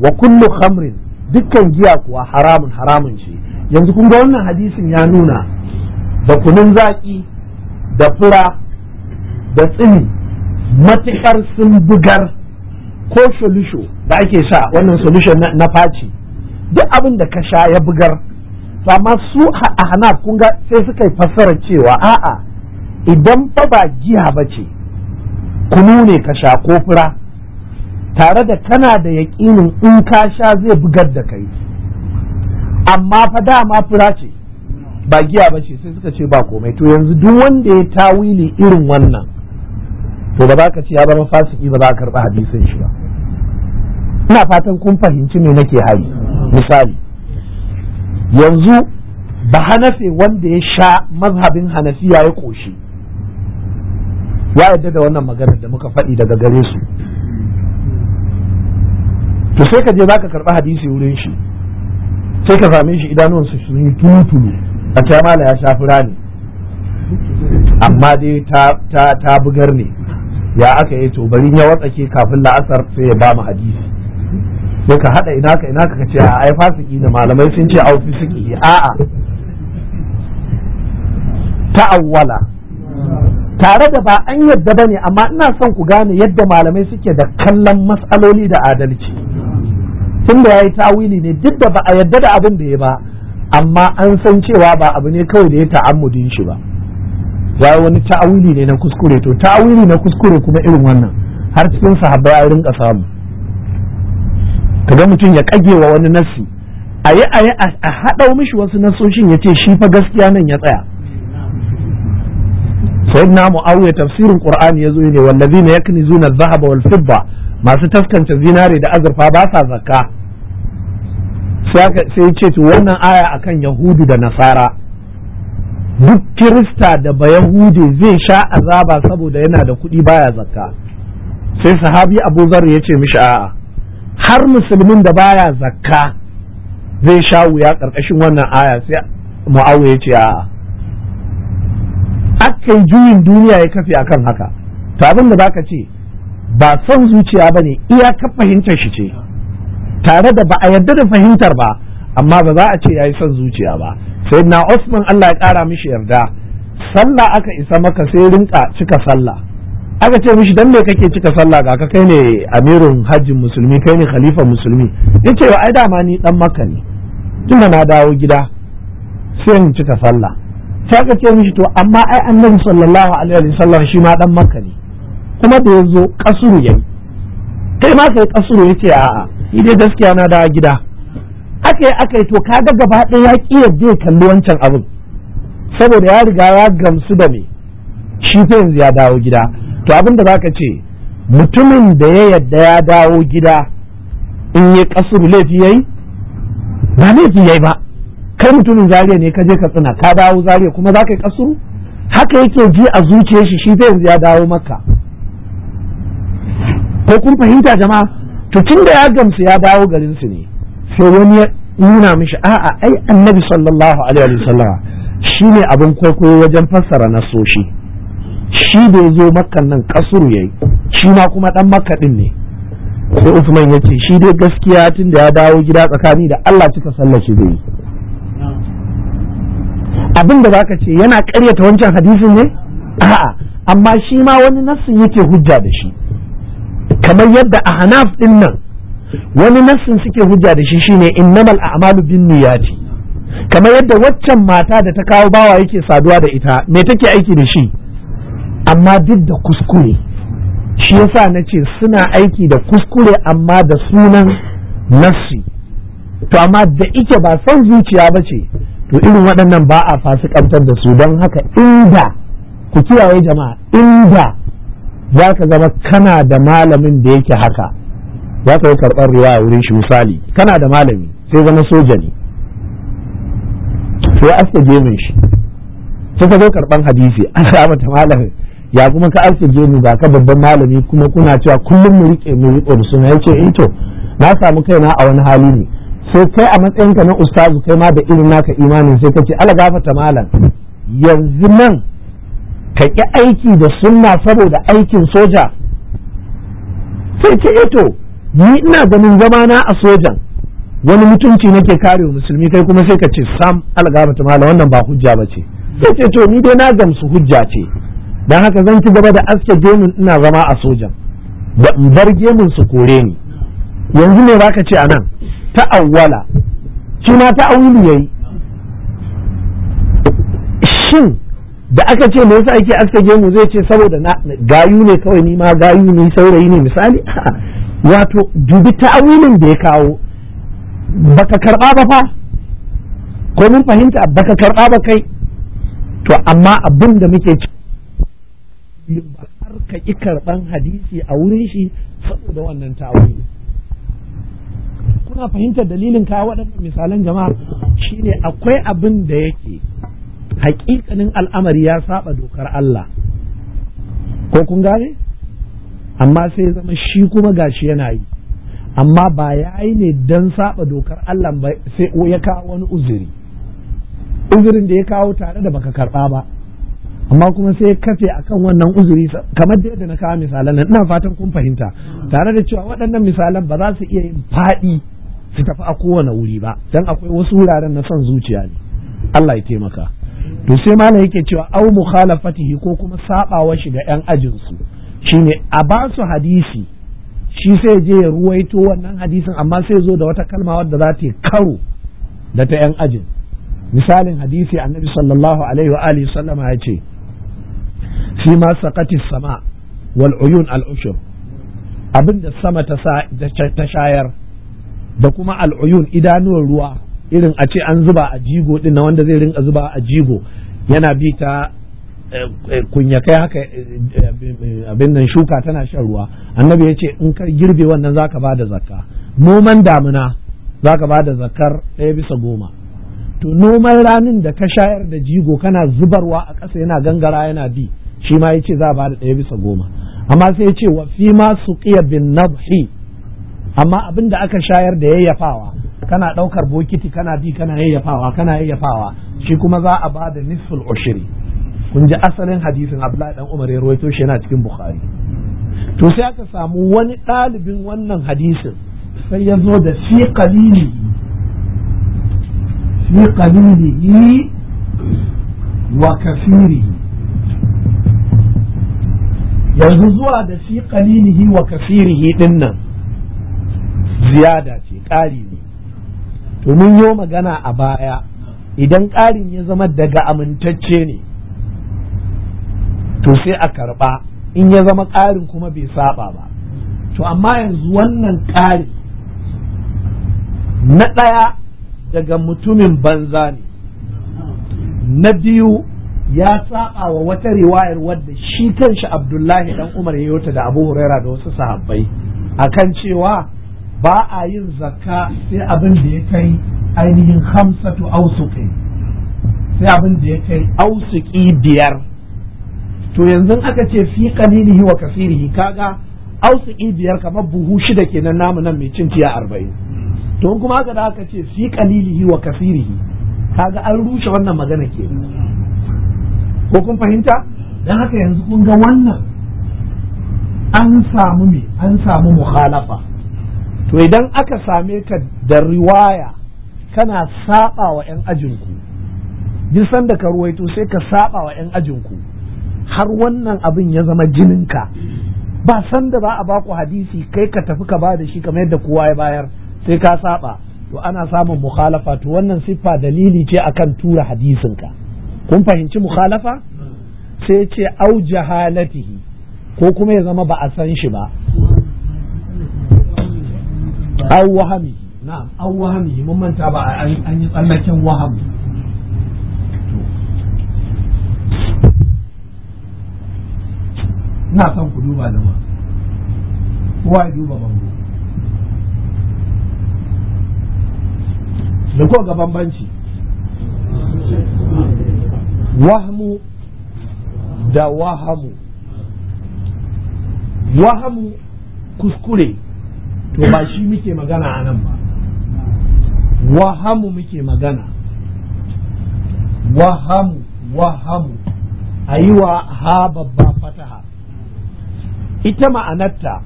wa kullu khamrin dukkan giya kuwa haramun haramun ce yanzu kun ga wannan hadisin ya nuna da kunun zaki da fura da tsini matukar sun bugar ko solusho da ake sa wannan solution na faci duk abin da ka sha ya bugar to amma su a hanaf kun sai suka yi fassara cewa a'a idan fa ba giya ba ce kunu ne ka sha ko fura tare da kana da yaƙinin in ka sha zai bugar da kai amma fa dama fura ce ba giya ba ce sai suka ce ba komai to yanzu duk wanda ya tawili irin wannan to ba za ka ce ya zama fasiki ba za ka karɓi hadisin shi ba ina fatan kun fahimci me nake hayi misali yanzu ba hanafe wanda ya sha mazhabin hanafiya ya ƙoshi, ya yadda da wannan maganar da muka faɗi daga gare su to sai ka je za ka karɓi hadisi wurin shi sai ka same shi idanuwansa sun yi tutulu a kyamala ya shafi rani amma dai ta bugar ne ya aka yi to bari ya watsake kafin la'asar sai ya ba mu hadisi sai ka haɗa ina ka ina ka ce a ai fasiki da malamai sun ce au fisiki a'a ta'awwala tare da ba an yadda bane amma ina son ku gane yadda malamai suke da kallon mas'aloli da adalci tun da ya yi tawili ne duk da ba a yadda da abin da ya ba amma an san cewa ba abu ne kawai da ya ta'ammudin shi ba ya wani ta'awili ne na kuskure to ta'awili na kuskure kuma irin wannan har cikin sahabbai a rinka samu kaga mutum ya kage wa wani nasi a yi a yi a haɗau mishi wasu nasoshin ya ce shi fa gaskiya nan ya tsaya sayyidina mu'awiya tafsirin qur'ani yazo ne wallazina yaknizuna adh-dhahaba wal fidda masu taskance zinare da azurfa ba sa zakka sai ce to wannan aya akan yahudu da nasara duk kirista da bayahude zai sha azaba saboda yana da kuɗi baya zakka sai sahabi abu zar ya ce mishi a'a har musulmin da baya zakka zai sha wuya ƙarƙashin wannan aya sai mu'awu ya ce a'a akan juyin duniya ya kafe akan haka to abin da baka ce ba son zuciya ba ne iyakar fahimtar shi ce tare da ba a yarda da fahimtar ba amma ba za a ce ya yi son zuciya ba sai na Osman Allah ya kara mishi yarda sallah aka isa maka sai rinka cika sallah aka ce mishi dan me kake cika sallah ga ka kai ne amirin hajjin musulmi kai ne khalifa musulmi ya wa ai dama ni dan maka ne tunda na dawo gida sai in cika sallah sai aka ce mishi to amma ai annabi sallallahu alaihi wasallam shi ma dan maka ne kuma da ya zo kasuru yayi kai ma sai kasuru ya ce a'a shi dai gaskiya na da gida aka yi aka yi to kaga gaba ɗaya ya ƙi yadda ya kalli wancan abin saboda ya riga ya gamsu da me shi ta yanzu ya dawo gida to abin da zaka ce mutumin da ya yadda ya dawo gida in ya kasuru laifi yayi ba laifi yayi ba kai mutumin zariya ne ka je ka tsina ka dawo zariya kuma zaka yi kasuru haka yake ji a zuciyar shi shi ta yanzu ya dawo maka ko kun fahimta jama'a to tun da ya gamsu ya dawo garin su ne sai wani ya nuna mishi a'a ai annabi sallallahu alaihi wasallam shine abin kwaikwayo wajen fassara nasoshi shi da ya zo makkan nan kasur yayi shi ma kuma dan makka din ne sai Usman ya ce shi dai gaskiya tun da ya dawo gida tsakani da Allah cika sallaci zai yi abin da zaka ce yana karyata wancan hadisin ne a'a amma shi ma wani nassin yake hujja da shi kamar yadda a hanaf din nan wani nassin suke hujja da shi shine innamal a'malu bin niyyati kamar yadda waccan mata da ta kawo bawa yake saduwa da ita me take aiki da shi amma duk da kuskure shi yasa na ce suna aiki da kuskure amma da sunan nassi to amma da ike ba son zuciya ba ce to irin waɗannan ba a fasikantar da su don haka inda ku kiyaye jama'a inda za ka zama kana da malamin da yake haka za ka yi karɓar ruwa a wurin shi misali kana da malami sai zama soja ne sai aske gemin shi sai ka zo karɓar hadisi an sa malamin ya kuma ka aske gemu ga ka babban malami kuma kuna cewa kullum mu riƙe mu riƙe da suna yake in eh to na samu kaina a wani hali ne sai kai a matsayinka na ustazu kai ma da irin naka imanin sai kace ala gafata malam yanzu nan ka ƙi aiki da sunna saboda aikin soja sai ce eto eh ni ina ganin zama na a sojan wani mutunci nake kare musulmi kai kuma sai ka ce sam ta mala wannan ba hujja ba ce sai ce to ni dai na gamsu hujja ce don haka zan ci gaba da aske gemun ina zama a sojan Ba in bar gemun su kore ni yanzu ne baka ce anan ta'awwala shi ma ya yayi shin da aka ce me yasa ake aske gemu zai ce saboda na gayu ne kawai ni ma gayu ne saurayi ne misali wato dubi ta'awilin da ya kawo baka karba ba fa ko mun fahimta baka karba ba kai to amma abin da muke ci ba har ka ki karban hadisi a wurin shi saboda wannan ta'awili kuna fahimtar dalilin kawo waɗannan misalan jama'a shine akwai abin da yake haƙiƙanin al'amari ya saba dokar Allah ko kun gane amma sai zama shi kuma gashi yana yi amma ba ya yi ne don saba dokar Allah ba sai ya kawo wani uzuri uzurin da ya kawo tare da baka karɓa ba amma kuma sai ya kafe akan wannan uzuri kamar da yadda na kawo misalan nan ina fatan kun fahimta tare da cewa waɗannan misalan ba za su iya yin faɗi su tafi a kowane wuri ba don akwai wasu wuraren na son zuciya ne Allah ya taimaka to sai malam yake cewa au mukhalafatihi ko kuma sabawa shi ga yan ajinsu. shine a ba su hadisi shi sai je ya ruwaito wannan hadisin amma sai zo da wata kalma wadda za ta karo da ta yan ajin misalin hadisi annabi sallallahu alaihi wa alihi sallama ya ce fi ma saqati sama wal uyun al ushur abinda sama ta shayar da kuma al uyun idanuwar ruwa irin a ce an zuba a jigo din na wanda zai rinka zuba a jigo yana bi ta eh, eh, kunya kai haka eh, abin nan shuka tana shan ruwa annabi ya ce in ka girbe wannan zaka ba zakka noman damina zaka bada da zakkar ɗaya bisa goma to noman ranin da ka shayar da jigo kana zubarwa a ƙasa yana gangara yana bi shi ma ya ce za a ba ɗaya bisa goma amma sai ya ce wa fi ma su bin nabhi amma abin da aka shayar da yayyafawa kana ɗaukar bokiti kana bi kana yayyafawa kana yayyafawa shi kuma za a ba da nisful ushri kun ji asalin hadisin abdullahi dan umar ya rawaito shi yana cikin bukhari to sai aka samu wani ɗalibin wannan hadisin sai ya zo da fi qalili fi wa kafiri. yanzu zuwa da fi qalili wa kafirihi dinnan ziyada ce ƙari to mun yo magana a baya idan ƙarin ya zama daga amintacce ne to sai a karɓa in ya zama ƙarin kuma bai saba ba to amma yanzu wannan ƙari na ɗaya daga mutumin banza ne na biyu ya saba wa wata riwayar wadda shi kanshi abdullahi dan umar ya yota da abu huraira da wasu sahabbai akan cewa ba a yin zakka sai abin da ya kai ainihin hamsatu ausuki sai abin da ya kai ausuki biyar to yanzu aka ce fi kalilihi wa kasirihi kaga ausuki biyar kamar buhu shida kenan namu nan mai cin tiya arba'in to kuma haka da aka ce fi kalilihi wa kasirihi kaga an rushe wannan magana ke? ko kun fahimta dan haka yanzu kun ga wannan an samu me an samu mukhalafa to idan aka same ka da riwaya kana saba wa 'yan ajinku duk sanda ka ruwaito sai ka saba wa 'yan ajinku har wannan abin ya zama jinin ka. ba sanda ba a baku hadisi kai ka tafi ka ba da shi kamar yadda kowa ya bayar sai ka saba to ana samun mukhalafa to wannan siffa dalili ce akan tura hadisinka kun fahimci mukhalafa sai ce au jahalatihi ko kuma ya zama ba a san shi ba aw wahami na'am aw wahami mun manta ba an yi tsallaken waham ku duba da ma kowa ya duba bango da ko ga bambanci wahmu da wahamu wahamu kuskure to ba shi muke magana a nan ba wahamu muke magana wahamu wahamu a yi wa ha babba fataha ita ma'anarta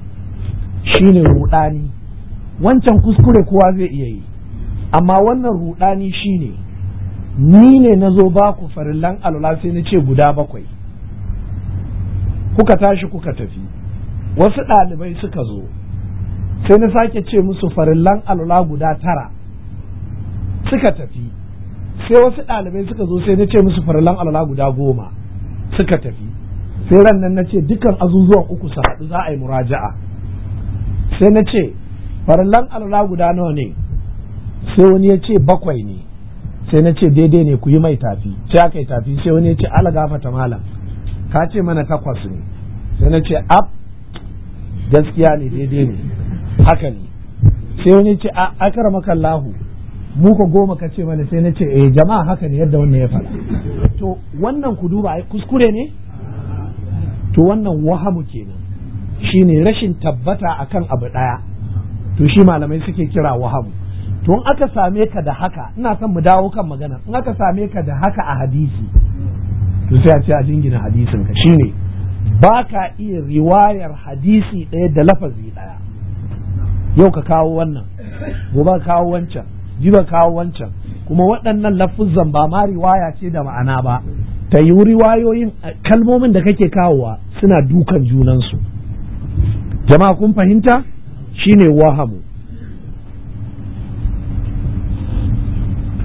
shine rudani wancan kuskure kowa zai iya yi amma wannan rudani shine ni ne na zo ba ku farillan alwala sai na ce guda bakwai kuka tashi kuka tafi wasu ɗalibai suka zo sai na sake ce musu farillan alula guda tara suka tafi sai wasu ɗalibai suka zo sai na ce musu farillan alula guda goma suka tafi sai ran nan na ce dukkan azuzuwan uku su haɗu za a yi muraja'a sai na ce farillan alula guda nawa ne sai wani ya ce bakwai ne sai na ce daidai ne ku yi mai tafi sai aka yi tafi sai wani ya ce ala gafata malam ka ce mana takwas ne sai na ce ab gaskiya ne daidai ne haka ne sai wani ce a akramaka Allahu mu ka goma ka ce mana sai na ce eh jama'a haka ne yadda wannan ya faɗa to wannan ku duba ai kuskure ne to wannan wahamu kenan shine rashin tabbata akan abu ɗaya to shi malamai suke kira wahamu to in aka same ka da haka ina son mu dawo kan magana in aka same ka da haka a hadisi to sai a ce a jingina hadisin ka shine ba ka iya riwayar hadisi ɗaya da lafazi ɗaya yau ka kawo wannan gobe ka kawo wancan jiba kawo wancan kuma waɗannan lafuzan ba ma riwaya ce da ma'ana ba ta yi riwayoyin kalmomin da kake kawowa suna dukan junansu jama'a kun fahimta shine wahamu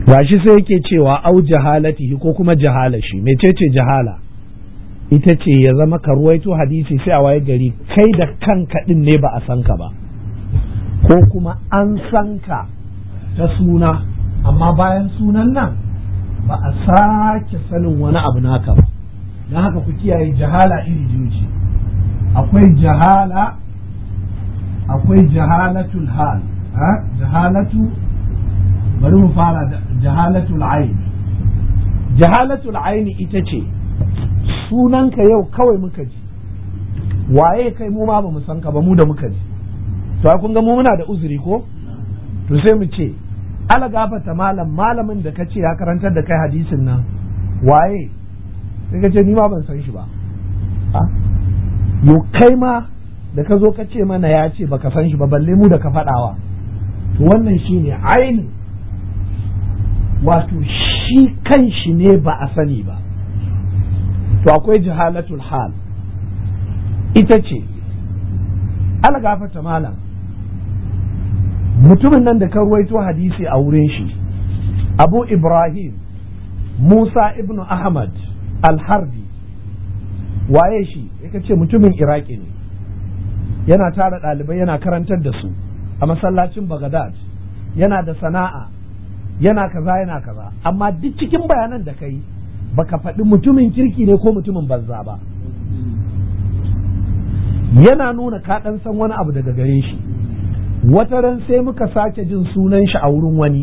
gashi sai yake cewa au jahalatihi ko kuma jahala shi mecece jahala ita ce ya zama ka ruwaito hadisi sai a waye gari kai da kanka din ne ba a san ka ba ko kuma an san ka ta suna amma bayan sunan nan ba a sake sanin wani abu naka ba don haka ku kiyaye jahala iri juji akwai jahala akwai jahalatul hal jahalatu bari mu fara jahalatul aini jahalatul aini ita ce sunanka yau kawai muka ji waye kai mu ma ba mu san ka ba mu da muka ji to kun ga mu muna da uzuri ko to sai mu ce ala gafata malam malamin da kace ya karantar da kai hadisin nan waye sai kace ni ma ban san shi ba yo kai ma da ka zo ka mana ya ce baka san shi ba balle mu da ka faɗawa to wannan shine aini wato shi kan shi ne ba a sani ba to akwai jihalatul hal ita ce algafata malam mutumin nan da ka ruwaito hadisi a wurin shi abu ibrahim musa ibnu ahmad alhardi waye shi ya ce mutumin iraki ne yana tara ɗalibai yana karantar da su a masallacin bagadad yana da sana'a yana kaza yana kaza amma duk cikin bayanan da kai baka faɗi mutumin kirki ne ko mutumin banza ba yana nuna ka ɗan san wani abu daga gare shi wata ran sai muka sake jin sunan shi a wurin wani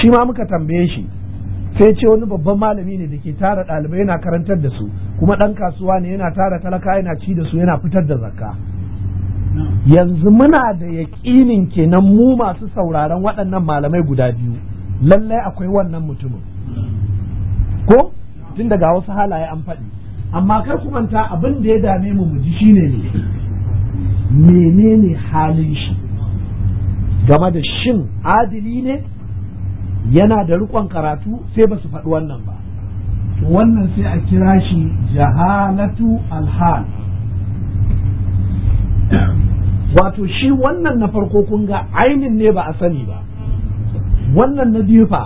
shi ma muka tambaye shi sai ce wani babban malami ne da ke tara ɗalibai yana karantar da su kuma ɗan kasuwa ne yana tara talaka yana ci da su yana fitar da zakka yanzu muna da yaƙinin kenan mu masu sauraron waɗannan malamai guda biyu lallai akwai wannan mutumin ko tun daga wasu halaye an faɗi amma kar ku manta abin da ya dame mu mu ji shine ne menene halin shi game da shin adili ne yana da rikon karatu sai ba su faɗi wannan ba wannan sai a kira shi jahalatu alhal wato shi wannan na farko kun ga ainin ne ba a sani ba wannan na biyu fa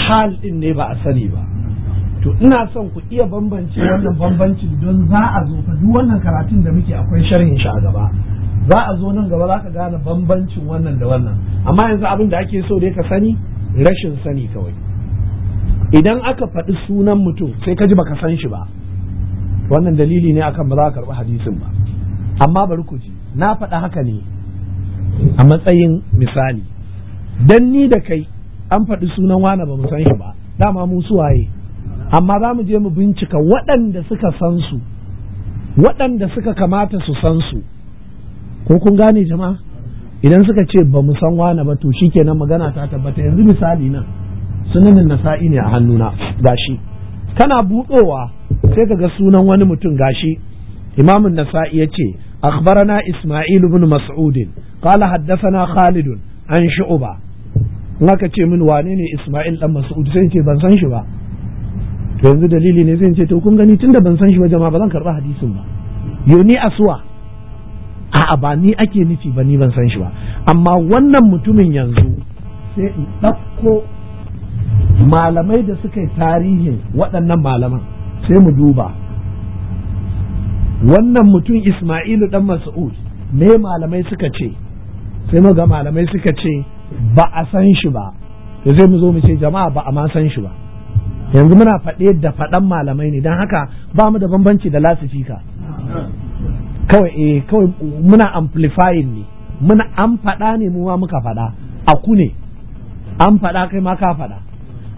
hal din ne ba a sani ba to ina son ku iya bambance wannan bambancin don za a zo duk wannan karatun da muke akwai sharhin shi a gaba za a zo nan gaba za ka gane bambancin wannan da wannan amma yanzu abin da ake so dai ka sani rashin sani kawai idan aka faɗi sunan mutum sai ka ji ka san shi ba wannan dalili ne akan ba za ka karɓi hadisin ba amma bari ku ji na faɗa haka ne a matsayin misali dan ni da kai an faɗi sunan wane ba mu san shi ba dama mu waye amma za mu je mu bincika waɗanda suka san su waɗanda suka kamata su san su ko kun gane jama'a idan suka ce ba mu san wane ba to shikenan magana ta tabbata yanzu misali nan sunanin nasa'i ne a hannuna gashi kana buɗowa sai ka ga sunan wani mutum gashi imamun nasa'i ya ce akhbarana isma'il ibn mas'ud qala haddathana khalid an shu'ba naka ce min wane ne isma'il dan mas'ud sai ce ban san shi ba yanzu dalili ne zai ce to kun gani tunda ban san shi ba jama'a ba zan karba hadisin ba yoni aswa a'a ba ni ake nufi ba ni ban san shi ba amma wannan mutumin yanzu sai in ɗauko malamai da suka yi tarihin waɗannan malaman sai mu duba wannan mutum Ismailu ɗan Mas'ud me malamai suka ce sai mu ga malamai suka ce ba a san shi ba da zai mu zo mu ce jama'a ba a ma san shi ba yanzu muna faɗe da faɗan malamai ne don haka ba mu da bambanci da lasifika kawai eh kawai muna amplifying ne muna an faɗa ne mu ma muka faɗa a ku ne an faɗa kai ma ka faɗa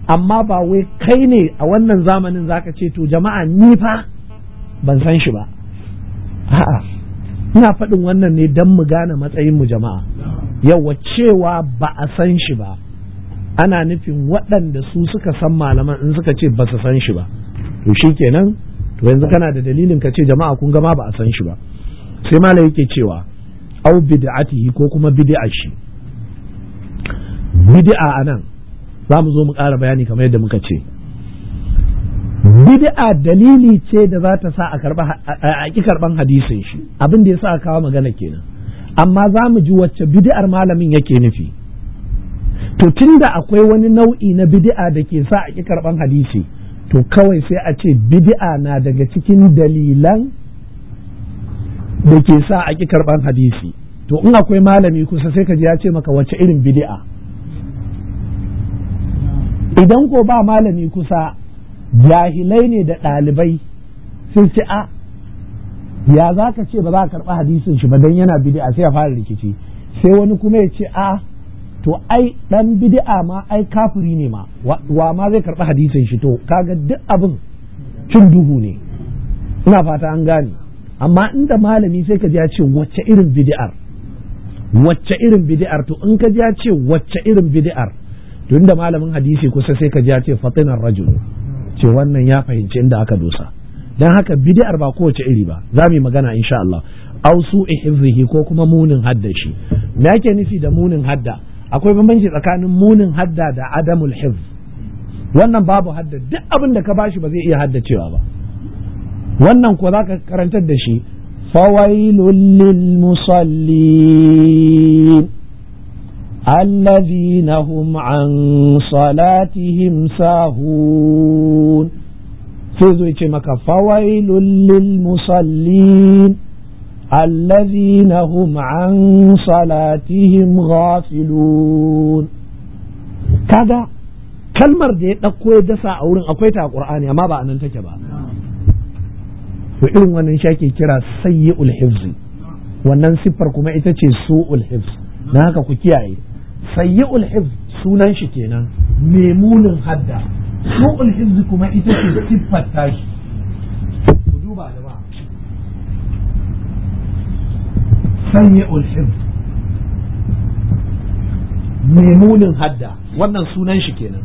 amma ba wai kai ne a wannan zamanin zaka ce to jama'a ni fa ban san shi ba a'a ina faɗin wannan ne dan mu gane matsayin mu jama'a yawa cewa ba a san shi ba ana nufin waɗanda su suka san malaman in suka ce ba su san shi ba to shikenan to yanzu kana da dalilin ka ce jama'a kun gama ba a san shi ba sai malam yake cewa au bid'atihi ko kuma bid'a shi bid'a anan za mu zo mu ƙara bayani kamar yadda muka ce bid'a dalili ce da za ta sa a karba a ki karban hadisin shi abin da ya sa a kawo magana kenan amma za mu ji wacce bid'ar malamin yake nufi to tunda akwai wani nau'i na bid'a da ke sa a ki karban hadisi to kawai sai a ce bid'a na daga cikin dalilan da ke sa a ƙi karɓar hadisi to in akwai malami kusa sai ka ji ya ce maka wace irin bid'a idan ko ba malami kusa jahilai ne da ɗalibai sun ce a ah, ya za ka ce ba za a karɓa hadisin shi ba don yana bid'a sai ya fara rikici sai wani kuma ya ce a ah, to ai dan bid'a ma ai kafiri ne ma wa ma zai karɓi hadisin shi to kaga duk abin cin duhu ne ina fata an gane amma inda malami sai ka ji ya ce wacce irin bid'ar wacce irin bid'ar to in ka ji ya ce wacce irin bid'ar to inda malamin hadisi kusa sai ka ji ya ce fatinar rajul ce wannan ya fahimci inda aka dosa dan haka bid'ar ba kowace iri ba za mu yi magana insha Allah Ausu su'i ko kuma munin haddashi me ake nufi da munin hadda akwai bambanci tsakanin munin hadda da adamul hifz wannan babu hadda duk abin da ka bashi ba zai iya haddacewa ba wannan ko zaka karantar da shi fawailul lil musallin sahun sai عن صلاتهم ce maka يتمك فويل musallin الذين هم عن صلاتهم غافلون kaga kalmar da ya ɗauko ya dasa a wurin akwai ta ƙur'ani amma ba a nan take ba to irin wannan shake kira sayyi'ul hifz wannan siffar kuma ita ce su'ul hifz na haka ku kiyaye sayyi'ul hifz sunan shi kenan memunin hadda su'ul hifz kuma ita ce siffar tashi sayyi'ul hifz memunin hadda wannan sunan shi kenan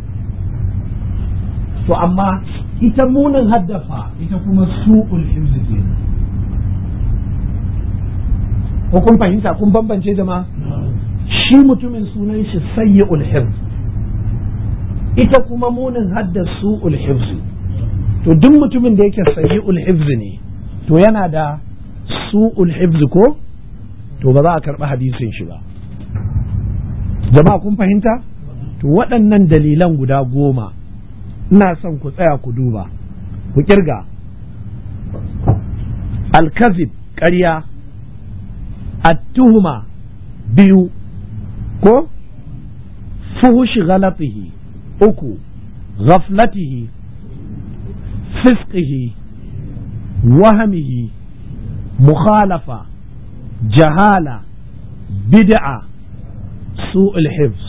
to amma ita munin hadda fa ita kuma su'ul hifz kenan ko kun fahimta kun bambance jama'a shi mutumin sunan shi sayyi'ul hifz ita kuma munin hadda su hifz to duk mutumin da yake sayyi'ul hifz ne to yana da su hifz ko to ba za a karɓi hadisin shi ba jama'a kun fahimta to waɗannan dalilan guda goma ina son ku tsaya ku duba ku kirga alkazib ƙarya attuhuma biyu ko fuhushi ghalatihi uku ghaflatihi fisqihi wahamihi mukhalafa jahala bid'a su'ul hifz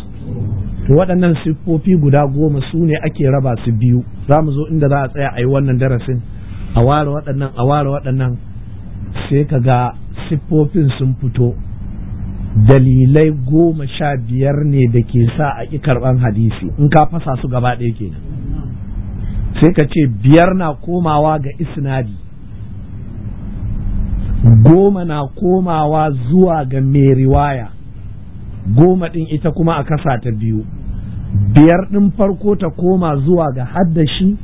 to waɗannan siffofi guda goma su ne ake raba su biyu za mu zo inda za a tsaya a yi wannan darasin a ware waɗannan a ware waɗannan sai ka ga siffofin sun fito dalilai goma sha biyar ne da ke sa a ƙi karɓan hadisi in ka fasa su gaba ɗaya kenan sai ka ce biyar na komawa ga isnadi goma na komawa zuwa ga mai riwaya goma ɗin ita kuma a kasa ta biyu biyar ɗin farko ta koma zuwa ga haddashi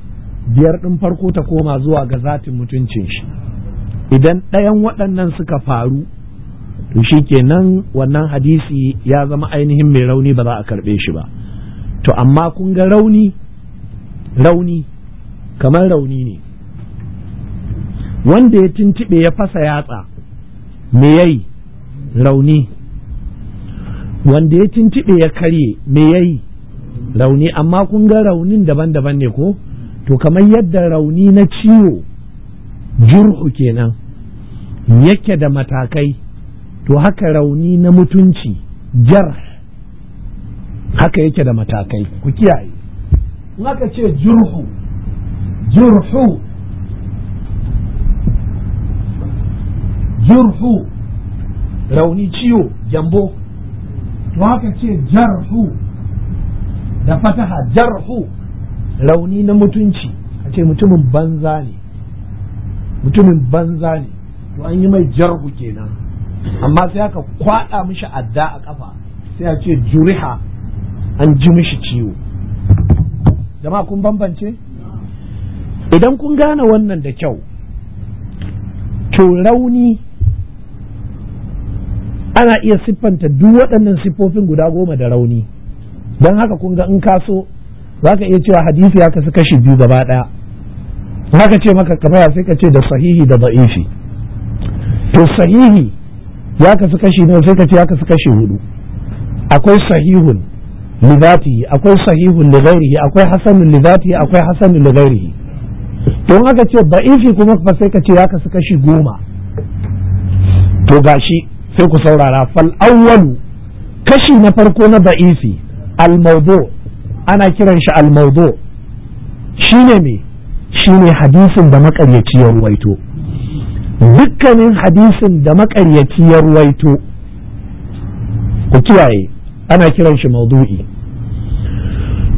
biyar ɗin farko ta koma zuwa ga zatin mutuncin shi idan ɗayan waɗannan suka faru to shi kenan wannan hadisi ya zama ainihin mai rauni ba za a karɓe shi ba to amma kun ga rauni rauni kamar rauni ne wanda ya tuntube ya fasa yatsa me yayi rauni wanda ya tuntube ya karye me yayi rauni amma kun ga raunin daban-daban ne ko to kamar yadda rauni na ciwo jirhu kenan yake da matakai to haka rauni na mutunci jar haka yake da matakai ku kiyaye in aka ce jirhu. Jirhu. Zurhu rauni ciwo jambo to haka ce jarhu da fataha jarhu rauni na mutunci a ce mutumin banza ne mutumin banza ne to an yi mai jarhu kenan amma sai aka kwada mishi adda a kafa sai a ce juriha an ji mishi ciwo jama'a kun bambance idan kun gane wannan da kyau to rauni ana iya siffanta duk waɗannan siffofin guda goma da rauni don haka kun ga in ka so za ka iya cewa hadisi ya kasu kashi biyu gaba ɗaya haka ce maka kamar sai ka ce da sahihi da ba'ifi. to sahihi ya kasu kashi ne sai ka ce ya kasu kashi hudu akwai sahihun lidati akwai sahihun lighairihi akwai hasanun lidati akwai hasanun lighairihi don haka ce ba'ifi kuma sai ka ce ya kasu kashi goma to gashi sai ku saurara fal awwalu kashi na farko na da'ifi al mawdu ana kiran shi al mawdu shine me shine hadisin da makaryaci ya ruwaito dukkanin hadisin da makaryaci ya ruwaito ku kiyaye ana kiran shi mawdu'i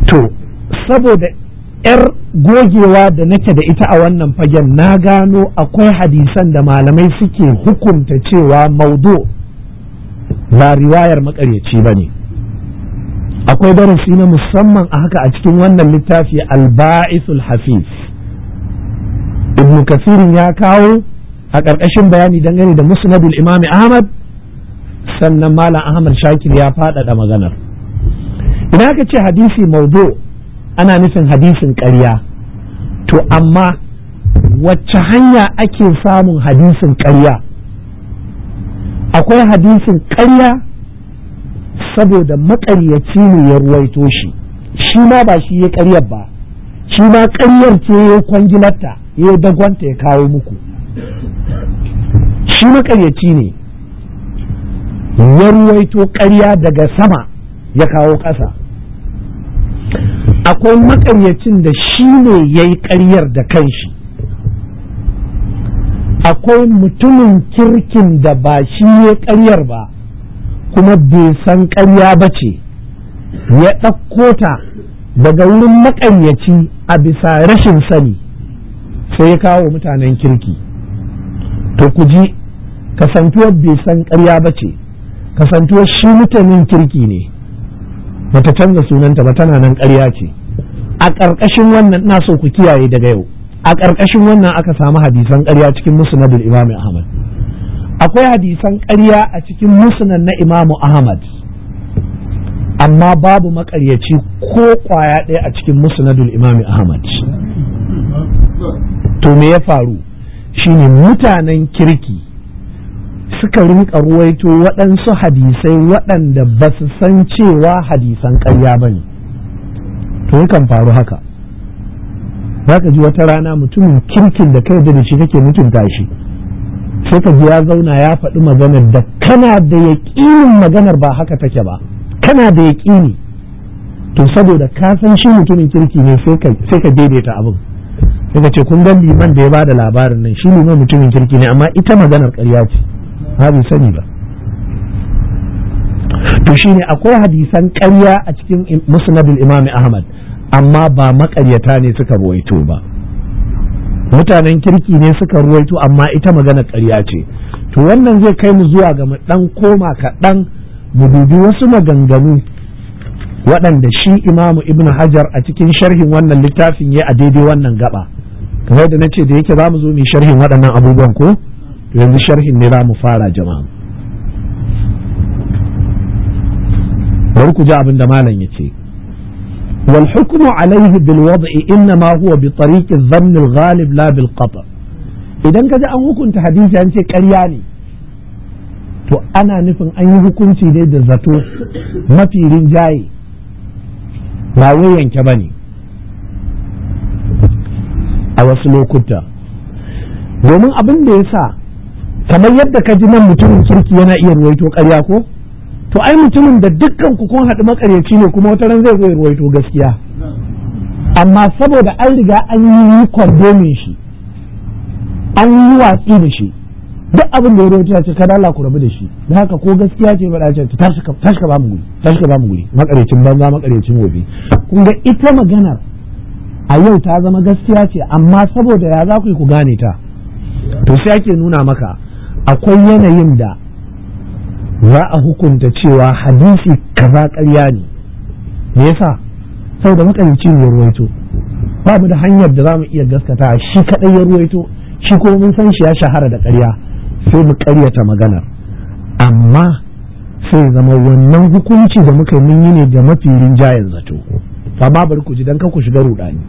to saboda 'yar gogewa da nake da ita a wannan fagen na gano akwai hadisan da malamai suke hukunta cewa maudu ba riwayar makaryaci ba ne akwai darasi na musamman a haka a cikin wannan littafi alba'isul hafiz ibn kasirin ya kawo a ƙarƙashin bayani dangane da musnadul imam ahmad sannan malam ahmad shakir ya faɗaɗa maganar Ina kace ce hadisi maudu ana nufin hadisin ƙarya to amma wacce hanya ake samun hadisin ƙarya akwai hadisin ƙarya saboda maƙaryaci ne ya ruwaito shi shi ma ba shi ya ƙaryar ba shi ma ƙaryar ce ya kwangilarta ya dagwanta ya kawo muku shi maƙaryaci ne ya ruwaito ƙarya daga sama ya kawo ƙasa akwai makanyacin da shi ne ya yi ƙaryar da kanshi akwai mutumin kirkin da ba shi ya ƙaryar ba kuma bai san ƙarya ba ce ya ɗauko ta daga wurin makanyaci a bisa rashin sani sai ya kawo mutanen kirki to ku ji kasantuwar bai san ƙarya ba ce kasantuwar shi mutanen kirki ne bata canza sunanta ba tana nan ƙarya ce a ƙarƙashin wannan na so ku kiyaye daga yau a ƙarƙashin wannan aka samu hadisan ƙarya cikin musnadul imam ahmad akwai hadisan ƙarya a cikin musnad na imam'u ahmad amma babu maƙaryaci ko ƙwaya ɗaya a cikin musnadul imam ahmad to me ya faru shine mutanen kirki suka rinka ruwaito waɗansu hadisai waɗanda ba su san cewa hadisan ƙarya ba ne to yakan faru haka za ka ji wata rana mutumin kirkin da kai da shi kake mutunta shi sai ka ji ya zauna ya faɗi maganar da kana da yaƙinin maganar ba haka take ba kana da yaƙini to saboda ka san shi mutumin kirki ne sai ka daidaita abin sai ka ce kun ga liman da ya da labarin nan shi liman mutumin kirki ne amma ita maganar ƙarya ce Ba bai sani ba to shine akwai hadisan ƙarya a cikin musnadul imami ahmad amma ba maƙaryata ne suka ruwaito ba mutanen kirki ne suka ruwaito amma ita magana ƙarya ce to wannan zai kai mu zuwa ga mu dan koma kaɗan mu dubi wasu maganganu waɗanda shi imamu ibn hajar a cikin sharhin wannan littafin ya a daidai wannan gaba kamar da na ce da yake za mu zo mu sharhin waɗannan abubuwan ko yanzu sharhin ne za mu fara jama'a bari ku malam ya ce wal hukmu alaihi bil wad'i inna huwa bi tariq adh-dhann al-ghalib la bil qata idan kaji an hukunta Hadiza an ce ƙarya ne to ana nufin an yi hukunci ne da zato mafi rinjaye ba wai yanke bane a wasu lokuta domin abin da ya sa kamar yadda ka ji nan mutumin kirki yana iya ruwaito karya ko to ai mutumin da dukkan ku kun haɗu makaryaci ne kuma wata ran zai zo ruwaito gaskiya amma saboda an riga an yi kwandomin shi an yi watsi da shi duk abin da ya rubuta ce kada Allah ku rabu da shi don haka ko gaskiya ce ba ce. ta tashi ba mu guri tashi ka ba mu guri makarecin banza makaryacin gobe kun ga ita maganar a yau ta zama gaskiya ce amma saboda ya za ku yi ku gane ta to sai ake nuna maka akwai yanayin da za a hukunta cewa hadisi kaza karya ne me yasa saboda makarici ne ya ruwaito ba mu da hanyar da za mu iya gaskata shi kaɗai ya ruwaito shi ko mun san shi ya shahara da ƙarya sai mu ƙaryata maganar amma sai zama wannan hukunci da muka mun yi ne da mafi rinjayen zato Ba bari ku ji dan ka ku shiga rudani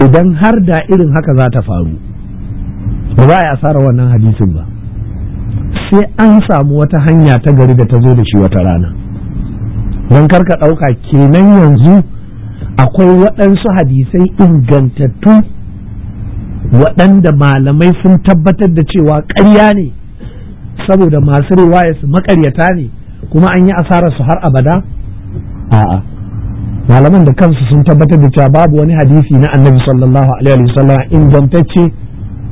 idan har da irin haka za ta faru ba za a yi asarar wannan hadisin ba sai an samu wata hanya ta gari da ta zo da shi wata rana don karka ɗauka kenan yanzu akwai waɗansu hadisai ingantattu waɗanda malamai sun tabbatar da cewa ƙarya ne saboda masu riwaya su makaryata ne kuma an yi su har abada a'a malaman da kansu sun tabbatar da cewa babu wani hadisi na annabi sallallahu alaihi wasallam ingantacce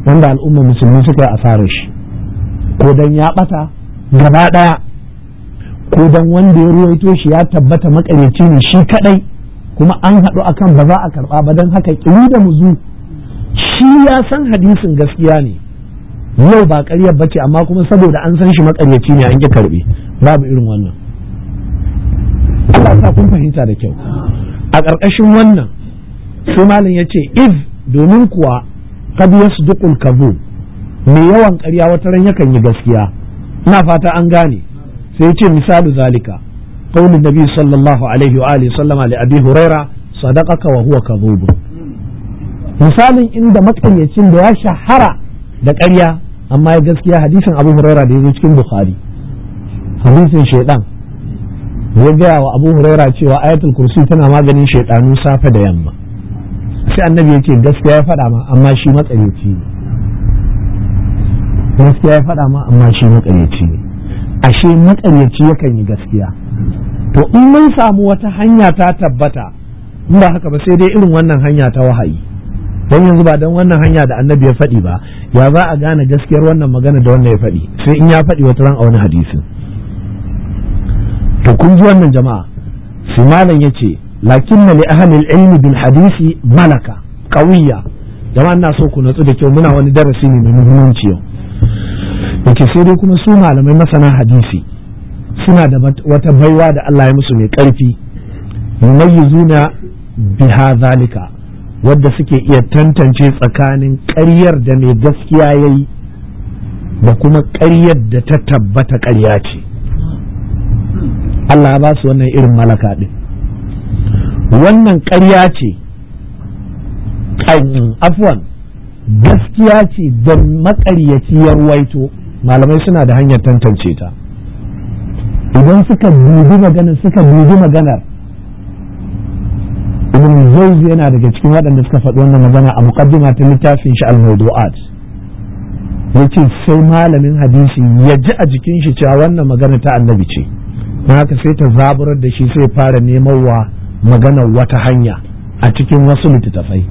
wanda al'ummar musulmi suka yi fara shi ko dan ya bata gaba daya ko dan wanda ya ruwaito shi ya tabbata makareci ne shi kadai kuma an haɗu akan ba za a karba ba don haka kiri da muzu shi ya san hadisin gaskiya ne yau ba ƙaryar bace amma kuma saboda an san shi makaryaci ne an ƙi karɓi babu irin wannan Allah kun fahimta da kyau a ƙarƙashin wannan sai malam ya ce iz domin kuwa kad yasduqul al-kadhub mai yawan ƙarya wata ran yakan yi gaskiya ina fata an gane sai yace ce misalu zalika qaulun nabi sallallahu alaihi wa alihi sallama li abi huraira sadaqaka wa huwa kadhub misalin inda matsayacin da ya shahara da ƙarya amma ya gaskiya hadisin abu huraira da ya cikin bukhari hadisin shaidan ya gaya wa abu huraira cewa ayatul kursi tana maganin shaidanu safe da yamma sai annabi ya gaskiya ya faɗa ma amma shi matsayaci ne gaskiya ya faɗa ma amma shi matsayaci ne ashe matsalici yakan yi gaskiya to in mun samu wata hanya ta tabbata in ba haka ba sai dai irin wannan hanya ta wahayi don yanzu ba don wannan hanya da annabi ya faɗi ba ya za a gane gaskiyar wannan magana da wannan ya faɗi sai in ya faɗi wata ran a wani hadisin to kun ji wannan jama'a su malam ya ce lakin na li ilmi bil hadisi malaka qawiyya jama'a ina so ku natsu da kyau muna wani darasi ne mai muhimmanci yau yake sai dai kuma su malamai masana hadisi suna da wata baiwa da Allah ya musu mai karfi yumayyizuna biha zalika wadda suke iya tantance tsakanin ƙaryar da mai gaskiya ya yi da kuma ƙaryar da ta tabbata ƙarya ce Allah ba su wannan irin malaka ɗin wannan ƙarya ce afwan gaskiya ce da makaryaci ya ruwaito malamai suna da hanyar tantance ta idan suka dubi maganar suka dubi maganar ibn yana daga cikin waɗanda suka faɗi wannan magana a muqaddima ta littafin shi al Ya ce sai malamin hadisi ya ji a jikin shi cewa wannan magana ta annabi ce na haka sai ta zaburar da shi sai fara neman wa maganar wata hanya a cikin wasu littattafai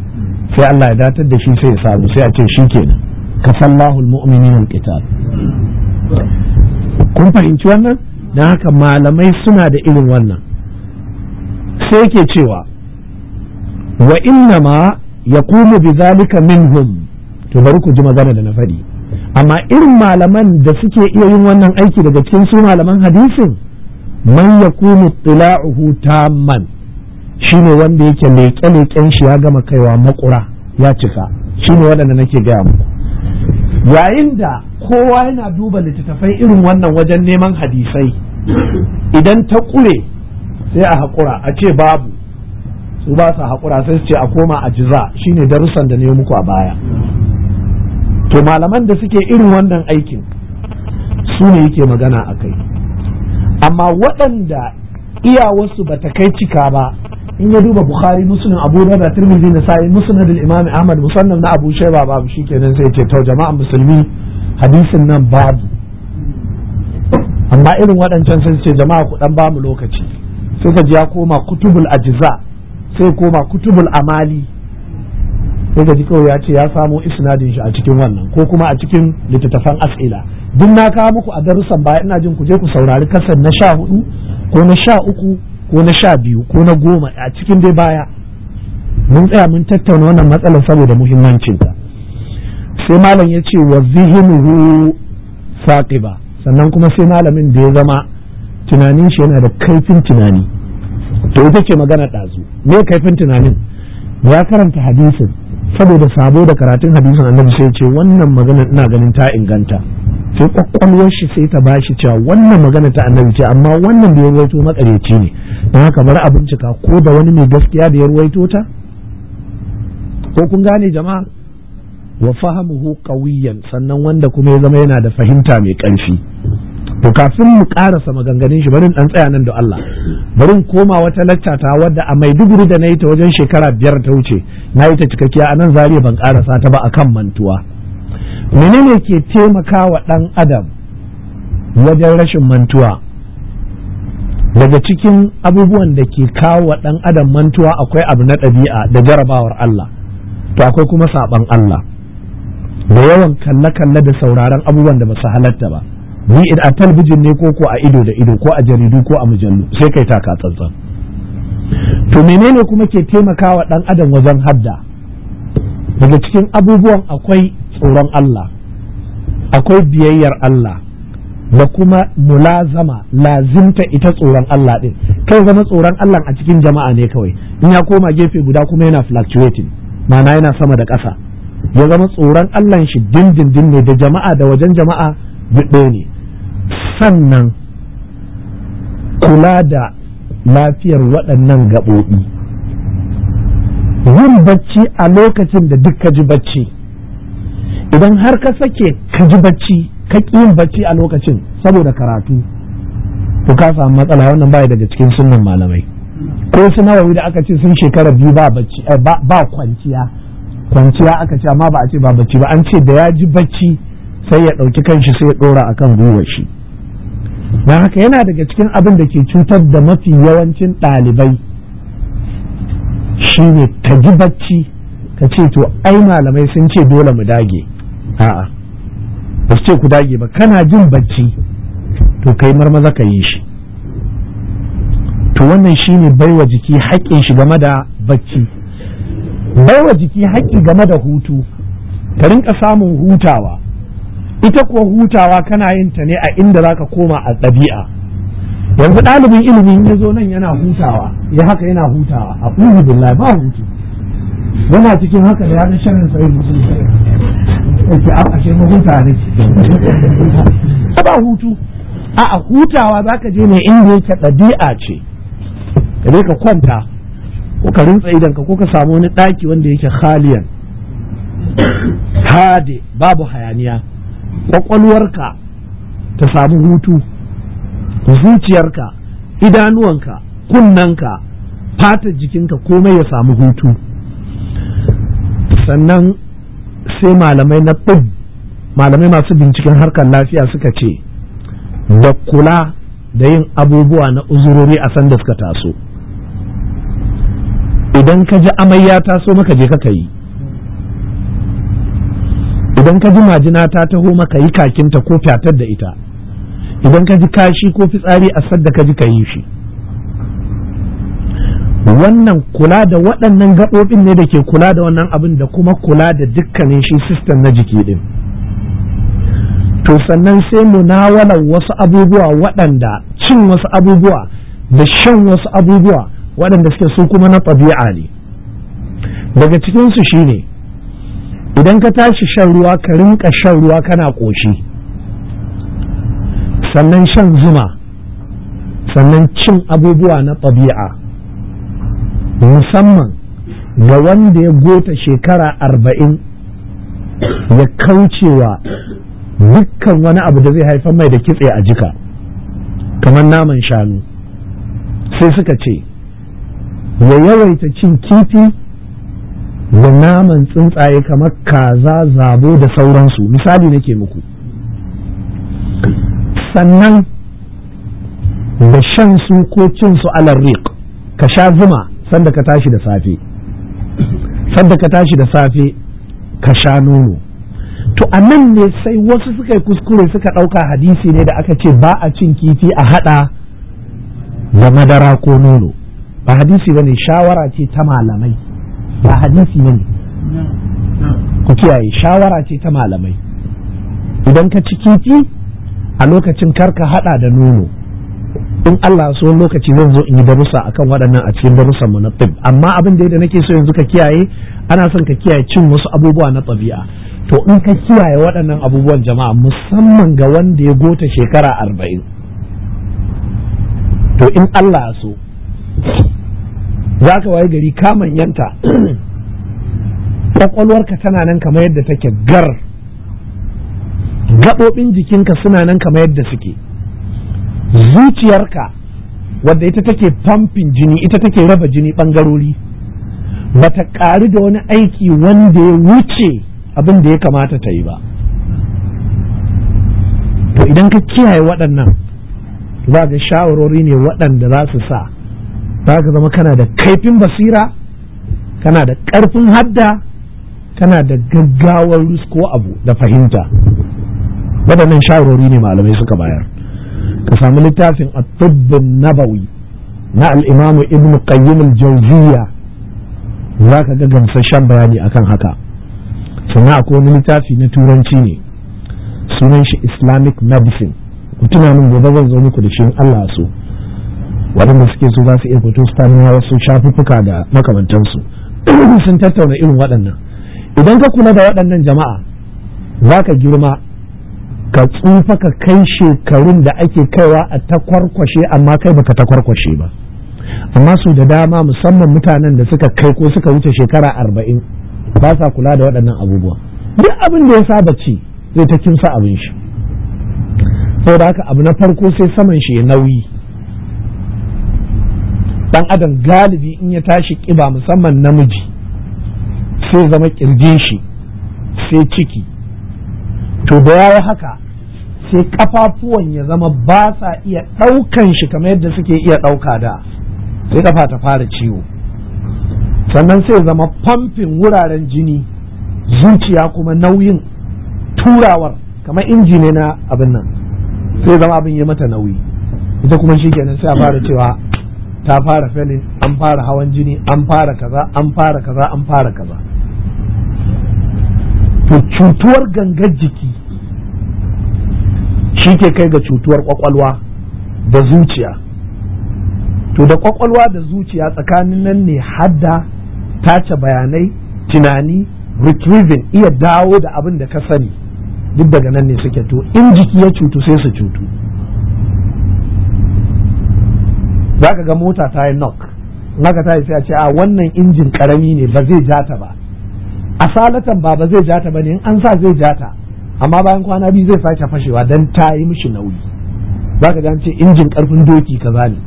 sai Allah ya datar da shi sai ya samu sai a ce shi kenan kafallahu almu'minin alqital kun fahimci wannan dan haka malamai suna da irin wannan sai ke cewa wa inna ma yaqumu bidhalika minhum to bari ku ji magana da na faɗi amma irin malaman da suke iya yin wannan aiki daga cikin su malaman hadisin man yaqumu tila'uhu tamman Shi ne wanda yake leƙe-leƙen shi ya gama kaiwa makura ya cika shi shine waɗanda nake gaya muku yayin da kowa yana duba littattafai irin wannan wajen neman hadisai idan ta ƙure sai a haƙura a ce babu su ba su haƙura sai su ce a koma a jiza shi ne darussan da ne muku a baya to malaman da suke irin wannan aikin su ne yake magana a kai amma waɗanda iyawarsu ba ta kai cika ba in ya duba bukhari muslim abu da tirmidhi nasa'i musnad al-imam ahmad musannaf na abu shayba babu shikenan sai ce to jama'a musulmi hadisin nan babu amma irin waɗancan sun ce jama'a ku dan bamu lokaci sai ka ji ya koma kutubul ajza sai koma kutubul amali sai ka ji kawai ya ce ya samo isnadin shi a cikin wannan ko kuma a cikin littattafan as'ila duk na kawo muku a darussan baya ina jin ku je ku saurari kasan na sha hudu ko na sha uku ko na sha biyu ko na goma a cikin dai baya mun tsaya mun tattauna wannan matsalar saboda muhimmancinta sai malam ya ce wa zihinuhu faqiba sannan kuma sai malamin da ya zama tunanin shi yana da kaifin tunani to ita ce magana ɗazu me kaifin tunanin ya karanta hadisin saboda sabo da karatun hadisin annabi sai ce wannan magana ina ganin ta inganta sai kwakwalwar shi sai ta bashi cewa wannan magana ta annabi ce amma wannan da ya ruwaito makareci ne don haka bari a bincika ko da wani mai gaskiya da ya ruwaito ta ko kun gane jama'a wa fahamuhu qawiyan sannan wanda kuma ya zama yana da fahimta mai ƙarfi to kafin mu karasa maganganun shi barin dan tsaya nan da Allah barin koma wata lacca ta wadda a Maiduguri da na yi ta wajen shekara biyar ta wuce na yi ta cikakkiya a nan zariya ban karasa ta ba akan mantuwa menene ke taimakawa ɗan adam wajen rashin mantuwa daga cikin abubuwan da ke kawo wa ɗan adam mantuwa akwai abu na ɗabi'a da jarabawar Allah to akwai kuma saɓan Allah da yawan kalle-kalle da sauraron abubuwan da ba su halatta ba ni a talbijin ne ko ko a ido da ido ko a jaridu ko a mujallu sai kai taka tsantsan to menene kuma ke taimakawa ɗan adam wajen hadda daga cikin abubuwan akwai tsoron Allah akwai biyayyar Allah da kuma mulazama lazimta ita tsoron Allah ɗin kai zama tsoron Allah a cikin jama'a ne kawai in ya koma gefe guda kuma yana fluctuating ma'ana yana sama da ƙasa ya zama tsoron Allah shi dindindin ne da jama'a da wajen jama'a ɗaya ne sannan kula da lafiyar waɗannan gaɓoɓi yin bacci a lokacin da duk ka ji bacci idan har ka sake ka ji bacci ka yin bacci a lokacin saboda karatu to ka samu matsala wannan bai daga cikin sunnan malamai ko su nawawi da aka ce sun shekara biyu ba bacci eh, ba kwanciya kwanciya aka ce amma ba a ce ba bacci ba an ce da ya ji bacci sai ya ɗauki kanshi sai ya ɗora akan gwiwar shi don haka yana daga cikin abin da ke cutar da mafi yawancin ɗalibai shine ka ji bacci ka ce to ai malamai sun ce dole mu dage a'a ba su ce ku dage ba kana jin bacci to kai marmaza ka yi shi to wannan shine baiwa jiki haƙƙin shi game da bacci baiwa jiki haƙƙi game da hutu ka rinka samun hutawa ita kuwa hutawa kana yin ta ne a inda zaka koma a ɗabi'a yanzu ɗalibin ilimin ya zo nan yana hutawa ya haka yana hutawa a billahi ba hutu yana cikin haka da ga sharrin sai mutum sai a ashe mu huta ta ba hutu a a hutawa za ka je ne inda yake ɗabi'a ce ka je ka kwanta ko ka rintsa idan ka ko ka samu wani ɗaki wanda yake khaliyan hade babu hayaniya Ƙwaƙwalwarka ta samu hutu zuciyarka idanuwanka kunnanka fatar jikinka komai ya samu hutu sannan sai malamai na ɗin malamai masu binciken harkar lafiya suka ce da kula da yin abubuwa na uzurori a sanda suka taso idan ka ji amai ya taso maka je ka yi idan ka ji majina ta taho maka yi kakinta ko fyatar da ita idan ka ji kashi ko fitsari a sadda ka ji ka yi shi wannan kula da waɗannan gaɓoɓin ne da ke kula da wannan abin da kuma kula da dukkanin shi sistem na jiki ɗin to sannan sai mu munawalar wasu abubuwa waɗanda cin wasu abubuwa da shan wasu abubuwa waɗanda suke su kuma na ɗabi'a ne daga cikinsu shi ne idan ka tashi shan ruwa ka rinka shan ruwa kana ƙoshi sannan shan zuma sannan cin abubuwa na ɗabi'a musamman ga wanda ya gota shekara arba'in ya kaucewa dukkan wani abu da zai haifar mai da kitse a jika kamar naman shanu sai suka ce ya yawaita cin kifi da naman tsuntsaye kamar kaza zabo da sauransu misali nake muku sannan da shan su ko cin su alarriq ka sha zuma sanda ka tashi da safe sanda ka tashi da safe ka sha nono to a nan ne sai wasu suka yi kuskure suka ɗauka hadisi ne da aka ce ba a cin kifi a haɗa da madara ko nono ba hadisi ba ne shawara ce ta malamai ba hadisi ba ne ku kiyaye shawara ce ta malamai idan ka ci kifi a lokacin kar ka haɗa da nono in Allah so lokaci zan zo in yi darussa akan waɗannan a cikin darussan mu na tib amma abin da nake so yanzu ka kiyaye ana son ka kiyaye cin wasu abubuwa na tabi'a to in ka kiyaye waɗannan abubuwan jama'a musamman ga wanda ya gota shekara arba'in to in Allah so za ka waye gari ka manyanta ƙwaƙwalwarka tana nan kamar yadda take gar gaɓoɓin jikinka suna nan kamar yadda suke zuciyarka wadda ita take pumping jini ita take raba jini bangarori bata ƙari da wani aiki wanda ya wuce abin da ya kamata ta yi ba to idan ka kiyaye waɗannan za ga shawarori ne waɗanda za su sa za ka zama kana da kaifin basira kana da ƙarfin hadda kana da gaggawar rusko abu da fahimta waɗannan shawarori ne malamai suka bayar ka samu littafin at nabawi na alimamu ibn qayyim al za ka ga gamsashen bayani akan haka sannan akwai wani littafi na turanci ne sunan shi islamic medicine tuna nan gobe zan zo muku da shi Allah so waɗanda suke so za su iya fito su na wasu shafuffuka da makamantansu sun tattauna irin waɗannan idan ka kula da waɗannan jama'a za ka girma ka tsufa ka kai shekarun da ake kaiwa a takwarkwashe amma kai baka takwarkwashe ba amma su da dama musamman mutanen da suka kai ko suka wuce shekara arba'in ba sa kula da waɗannan abubuwa duk abin da ya saba ci zai ta kimsa abin shi saboda haka abu na farko sai saman shi ya nauyi dan adam galibi in ya tashi kiba musamman namiji sai zama kirjin shi sai ciki to da ya yi haka sai kafafuwan ya zama ba sa iya ɗaukan shi kamar yadda suke iya ɗauka da sai kafa ta fara ciwo sannan sai zama famfin wuraren jini zuciya kuma nauyin turawar kamar inji ne na abin nan sai zama abin ya mata nauyi ita kuma shi kenan sai a fara cewa ta fara felin an fara hawan jini an fara kaza an fara kaza an fara kaza to cutuwar gangar jiki shi ke kai ga cutuwar kwakwalwa da zuciya to da kwakwalwa da zuciya tsakanin nan ne hadda tace bayanai tunani retrieving iya dawo da abin da ka sani duk daga nan ne suke to in jiki ya cutu sai su cutu za ka ga mota ta yi knock naka ta sai a ce a wannan injin karami ne ba zai jata ba asalatan ba ba zai jata ba ne in an sa zai jata amma bayan kwana biyu zai sake fashewa don ta yi mishi nauyi za ka ce injin karfin doki kaza ne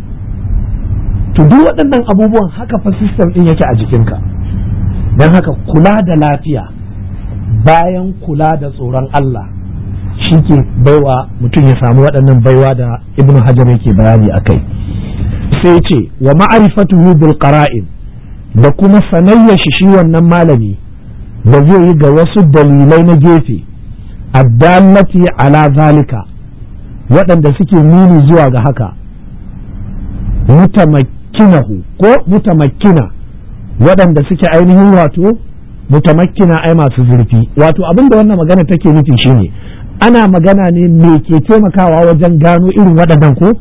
to duk waɗannan abubuwan haka fa system ɗin yake a jikinka don haka kula da lafiya bayan kula da tsoron Allah shi ke baiwa mutum ya samu waɗannan baiwa da ibnu hajar yake bayani a kai sai ce wa ma'arifatu bil qara'in da kuma sanayya shi shi wannan malami da zai yi ga wasu dalilai na gefe addallati ala zalika waɗanda suke nuni zuwa ga haka mutamakkinahu ko mutamakkina waɗanda suke ainihin wato mutamakkina ai masu zurfi wato abin da wannan magana take nufi shine ana magana ne me ke taimakawa wajen gano irin waɗannan ko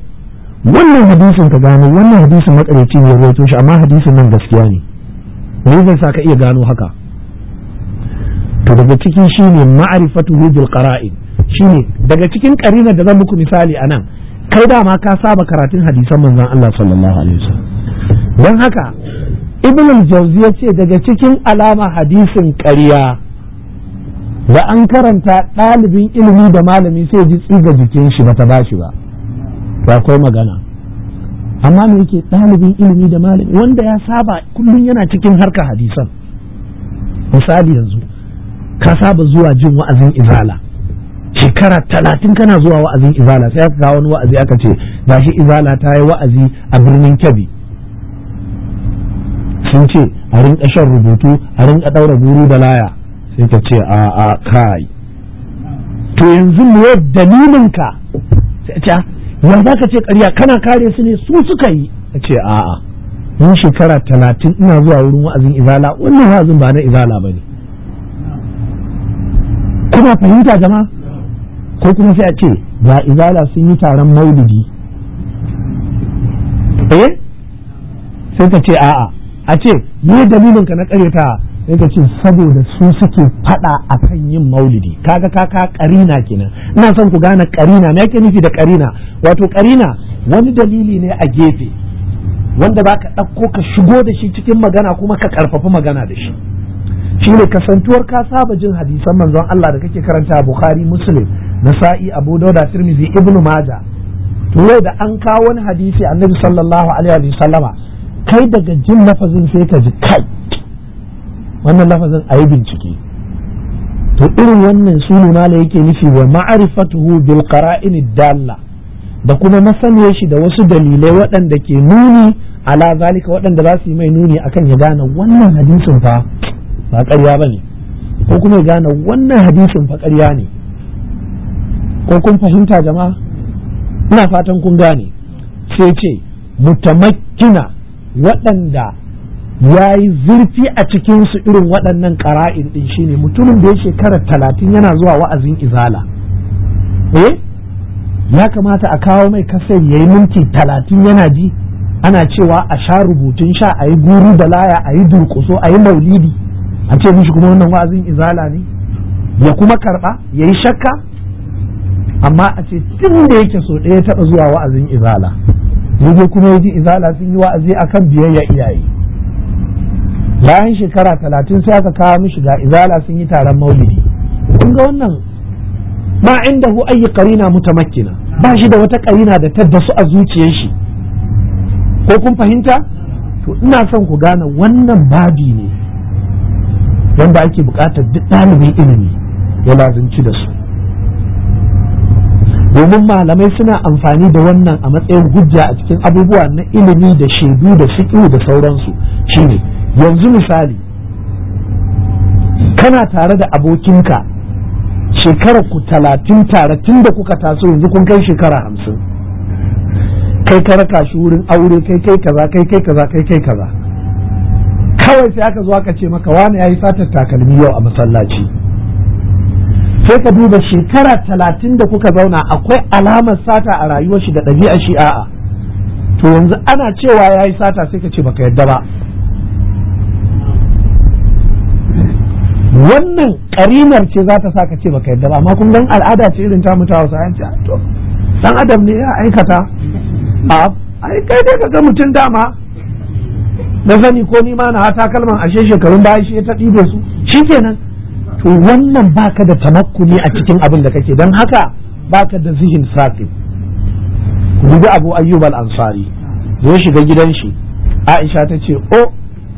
wannan hadisin ka gano wannan hadisin makareci ne ya shi amma hadisin nan gaskiya ne me zai sa ka iya gano haka to daga ciki shine ma'rifatuhu bil qara'in shine daga cikin ƙarinar da zan muku misali anan kai dama ka saba karatun hadisan manzon Allah sallallahu alaihi wasallam dan haka ibn al-jawzi yace daga cikin alama hadisin ƙarya da an karanta ɗalibin ilimi da malami sai ji tsiga jikin shi ba ta bashi ba ba akwai magana amma me yake ɗalibin ilimi da malami wanda ya saba kullum yana cikin harkar hadisan misali yanzu ka saba zuwa jin wa'azin izala shekara talatin kana zuwa wa'azin izala sai aka kawo wani wa'azi aka ce gashi izala ta yi wa'azi a birnin kebbi sun ce a rinka shan rubutu a rinka ɗaura guru da laya sai ka ce a a kai to yanzu mu yau dalilin ka sai ce ya za ka ce ƙarya kana kare su ne su suka yi a ce a a mun shekara talatin ina zuwa wurin wa'azin izala wannan wa'azin ba na izala ba ne kuna fahimta zama? ko kuma sai a ce ga izala sun yi taron maulidi eh sai ka ce a'a a ce me dalilin ka na karyata sai ka ce saboda su suke fada akan yin maulidi kaga ka ka karina kenan ina son ku gane karina me yake nufi da karina wato karina wani dalili ne a gefe wanda ba ka ɗauko ka shigo da shi cikin magana kuma ka ƙarfafa magana da shi Shi ne kasantuwar ka saba jin hadisan manzon Allah da kake karanta Bukhari Muslim Nasa'i Abu Dawud Tirmidhi Ibn Majah to da an kawo wani hadisi Annabi sallallahu alaihi wa sallama kai daga jin lafazin sai ka ji kai wannan lafazin ayi bincike to irin wannan sunu mala yake nufi wa ma'rifatuhu bil qara'in dalla da kuma masaniye shi da wasu dalilai waɗanda ke nuni ala zalika waɗanda za su yi mai nuni akan ya gane wannan hadisin fa ba ƙarya ba ne ko kuma gane wannan hadisin fa ƙarya ne ko kun fahimta jama'a ina fatan kun gane sai ce mutamakkina waɗanda ya yi zurfi a cikinsu irin waɗannan ƙara'in ɗin shine mutumin da ya shekara talatin yana zuwa wa'azin izala eh ya kamata a kawo mai kasar ya yi minti talatin yana ji ana cewa a sha rubutun sha a yi guru da laya a yi durƙuso a yi maulidi a ce mishi kuma wannan wa'azin izala ne ya kuma karba ya yi shakka amma a ce tun da yake so ɗaya taɓa zuwa wa'azin izala yaje kuma ya ji izala sun yi wa'azi a kan biyayya iyaye bayan shekara talatin sai aka kawo mishi ga izala sun yi taron maulidi kun ga wannan ma inda hu ayi karina mutamakkina ba shi da wata karina da ta dasu a zuciyar shi ko kun fahimta to ina son ku gane wannan babi ne wanda ake bukatar duk ɗalibin ilimi ya lazimci da su domin malamai suna amfani da wannan a matsayin gujja a cikin abubuwa na ilimi da shaidu da fiƙi da sauransu shine yanzu misali kana tare da abokinka shekarar ku talatin tare tun da kuka taso yanzu kun kai shekara hamsin kai ka raka shi wurin aure kai kai kaza kai kai kaza kai kai kaza kawai sai aka zo aka ce maka wani ya yi satar takalmi yau a masallaci sai ka duba shekara talatin da kuka zauna akwai alamar sata a rayuwar shi da ɗabi'a shi a'a to yanzu ana cewa ya yi sata sai ka ce baka yadda ba wannan karinar ce za ta sa ka ce baka yadda ba amma kun don al'ada ce irin ta mutawa sa yanci to dan adam ne ya aikata a ai kai dai ga mutum dama na sani ko ni ma na hata kalman ashe shekarun baya shi ya ta ɗibe su shi shikenan to wannan baka da tamakuni a cikin abin da kake dan haka baka da zihin saqib dubi abu ayyub al-ansari shiga gidan shi aisha ta ce o oh,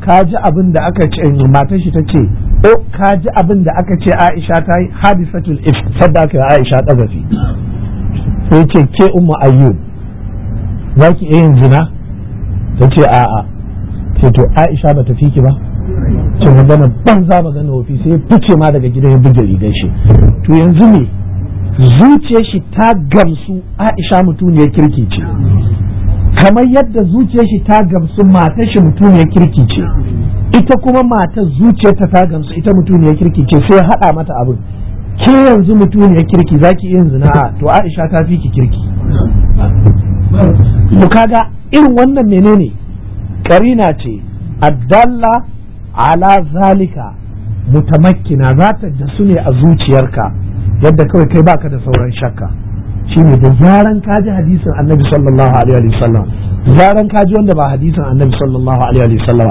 ka ji abin da aka ce eh, matar shi ta ce o oh, ka ji abin da aka ce aisha ta yi hadisatul if sadda ka yi aisha ɗazafi sai ce ke umma ayyub za ki iya yin zina ta ce a'a to Aisha ba ta fiki ba ce magana ban za magana wofi sai fice ma daga gidan ya buge rigar shi to yanzu ne zuciyar shi ta gamsu Aisha mutuniyar kirki ce kamar yadda zuciyar shi ta gamsu matar shi mutuniyar kirki ce ita kuma matar zuciyarta ta ta gamsu ita mutuniyar kirki ce sai haɗa mata abin ke yanzu mutuniyar kirki zaki yin zina to Aisha ta fi kirki to kaga irin wannan menene karina ce addalla ala zalika mutamakkina za ta jasu ne a zuciyarka yadda kawai kai baka da sauran shakka ne da zaran ka ji hadisin annabi sallallahu alaihi wa sallam zaran ka ji wanda ba hadisin annabi sallallahu alaihi wa sallam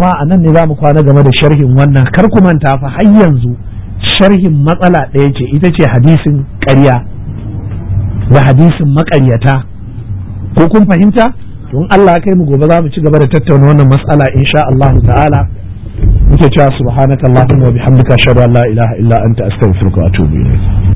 ba a nan ne za mu kwana game da sharhin wannan kar ku manta fa har yanzu sharhin matsala ɗaya ce ita ce hadisin ƙarya da hadisin maƙaryata ko kun fahimta don Allah kai mu gobe za mu ci gaba da tattauna wannan mas'ala insha Allah ta'ala muke cewa subhanakallahumma wa bihamdika ashhadu an la ilaha illa anta astaghfiruka wa atubu ilayk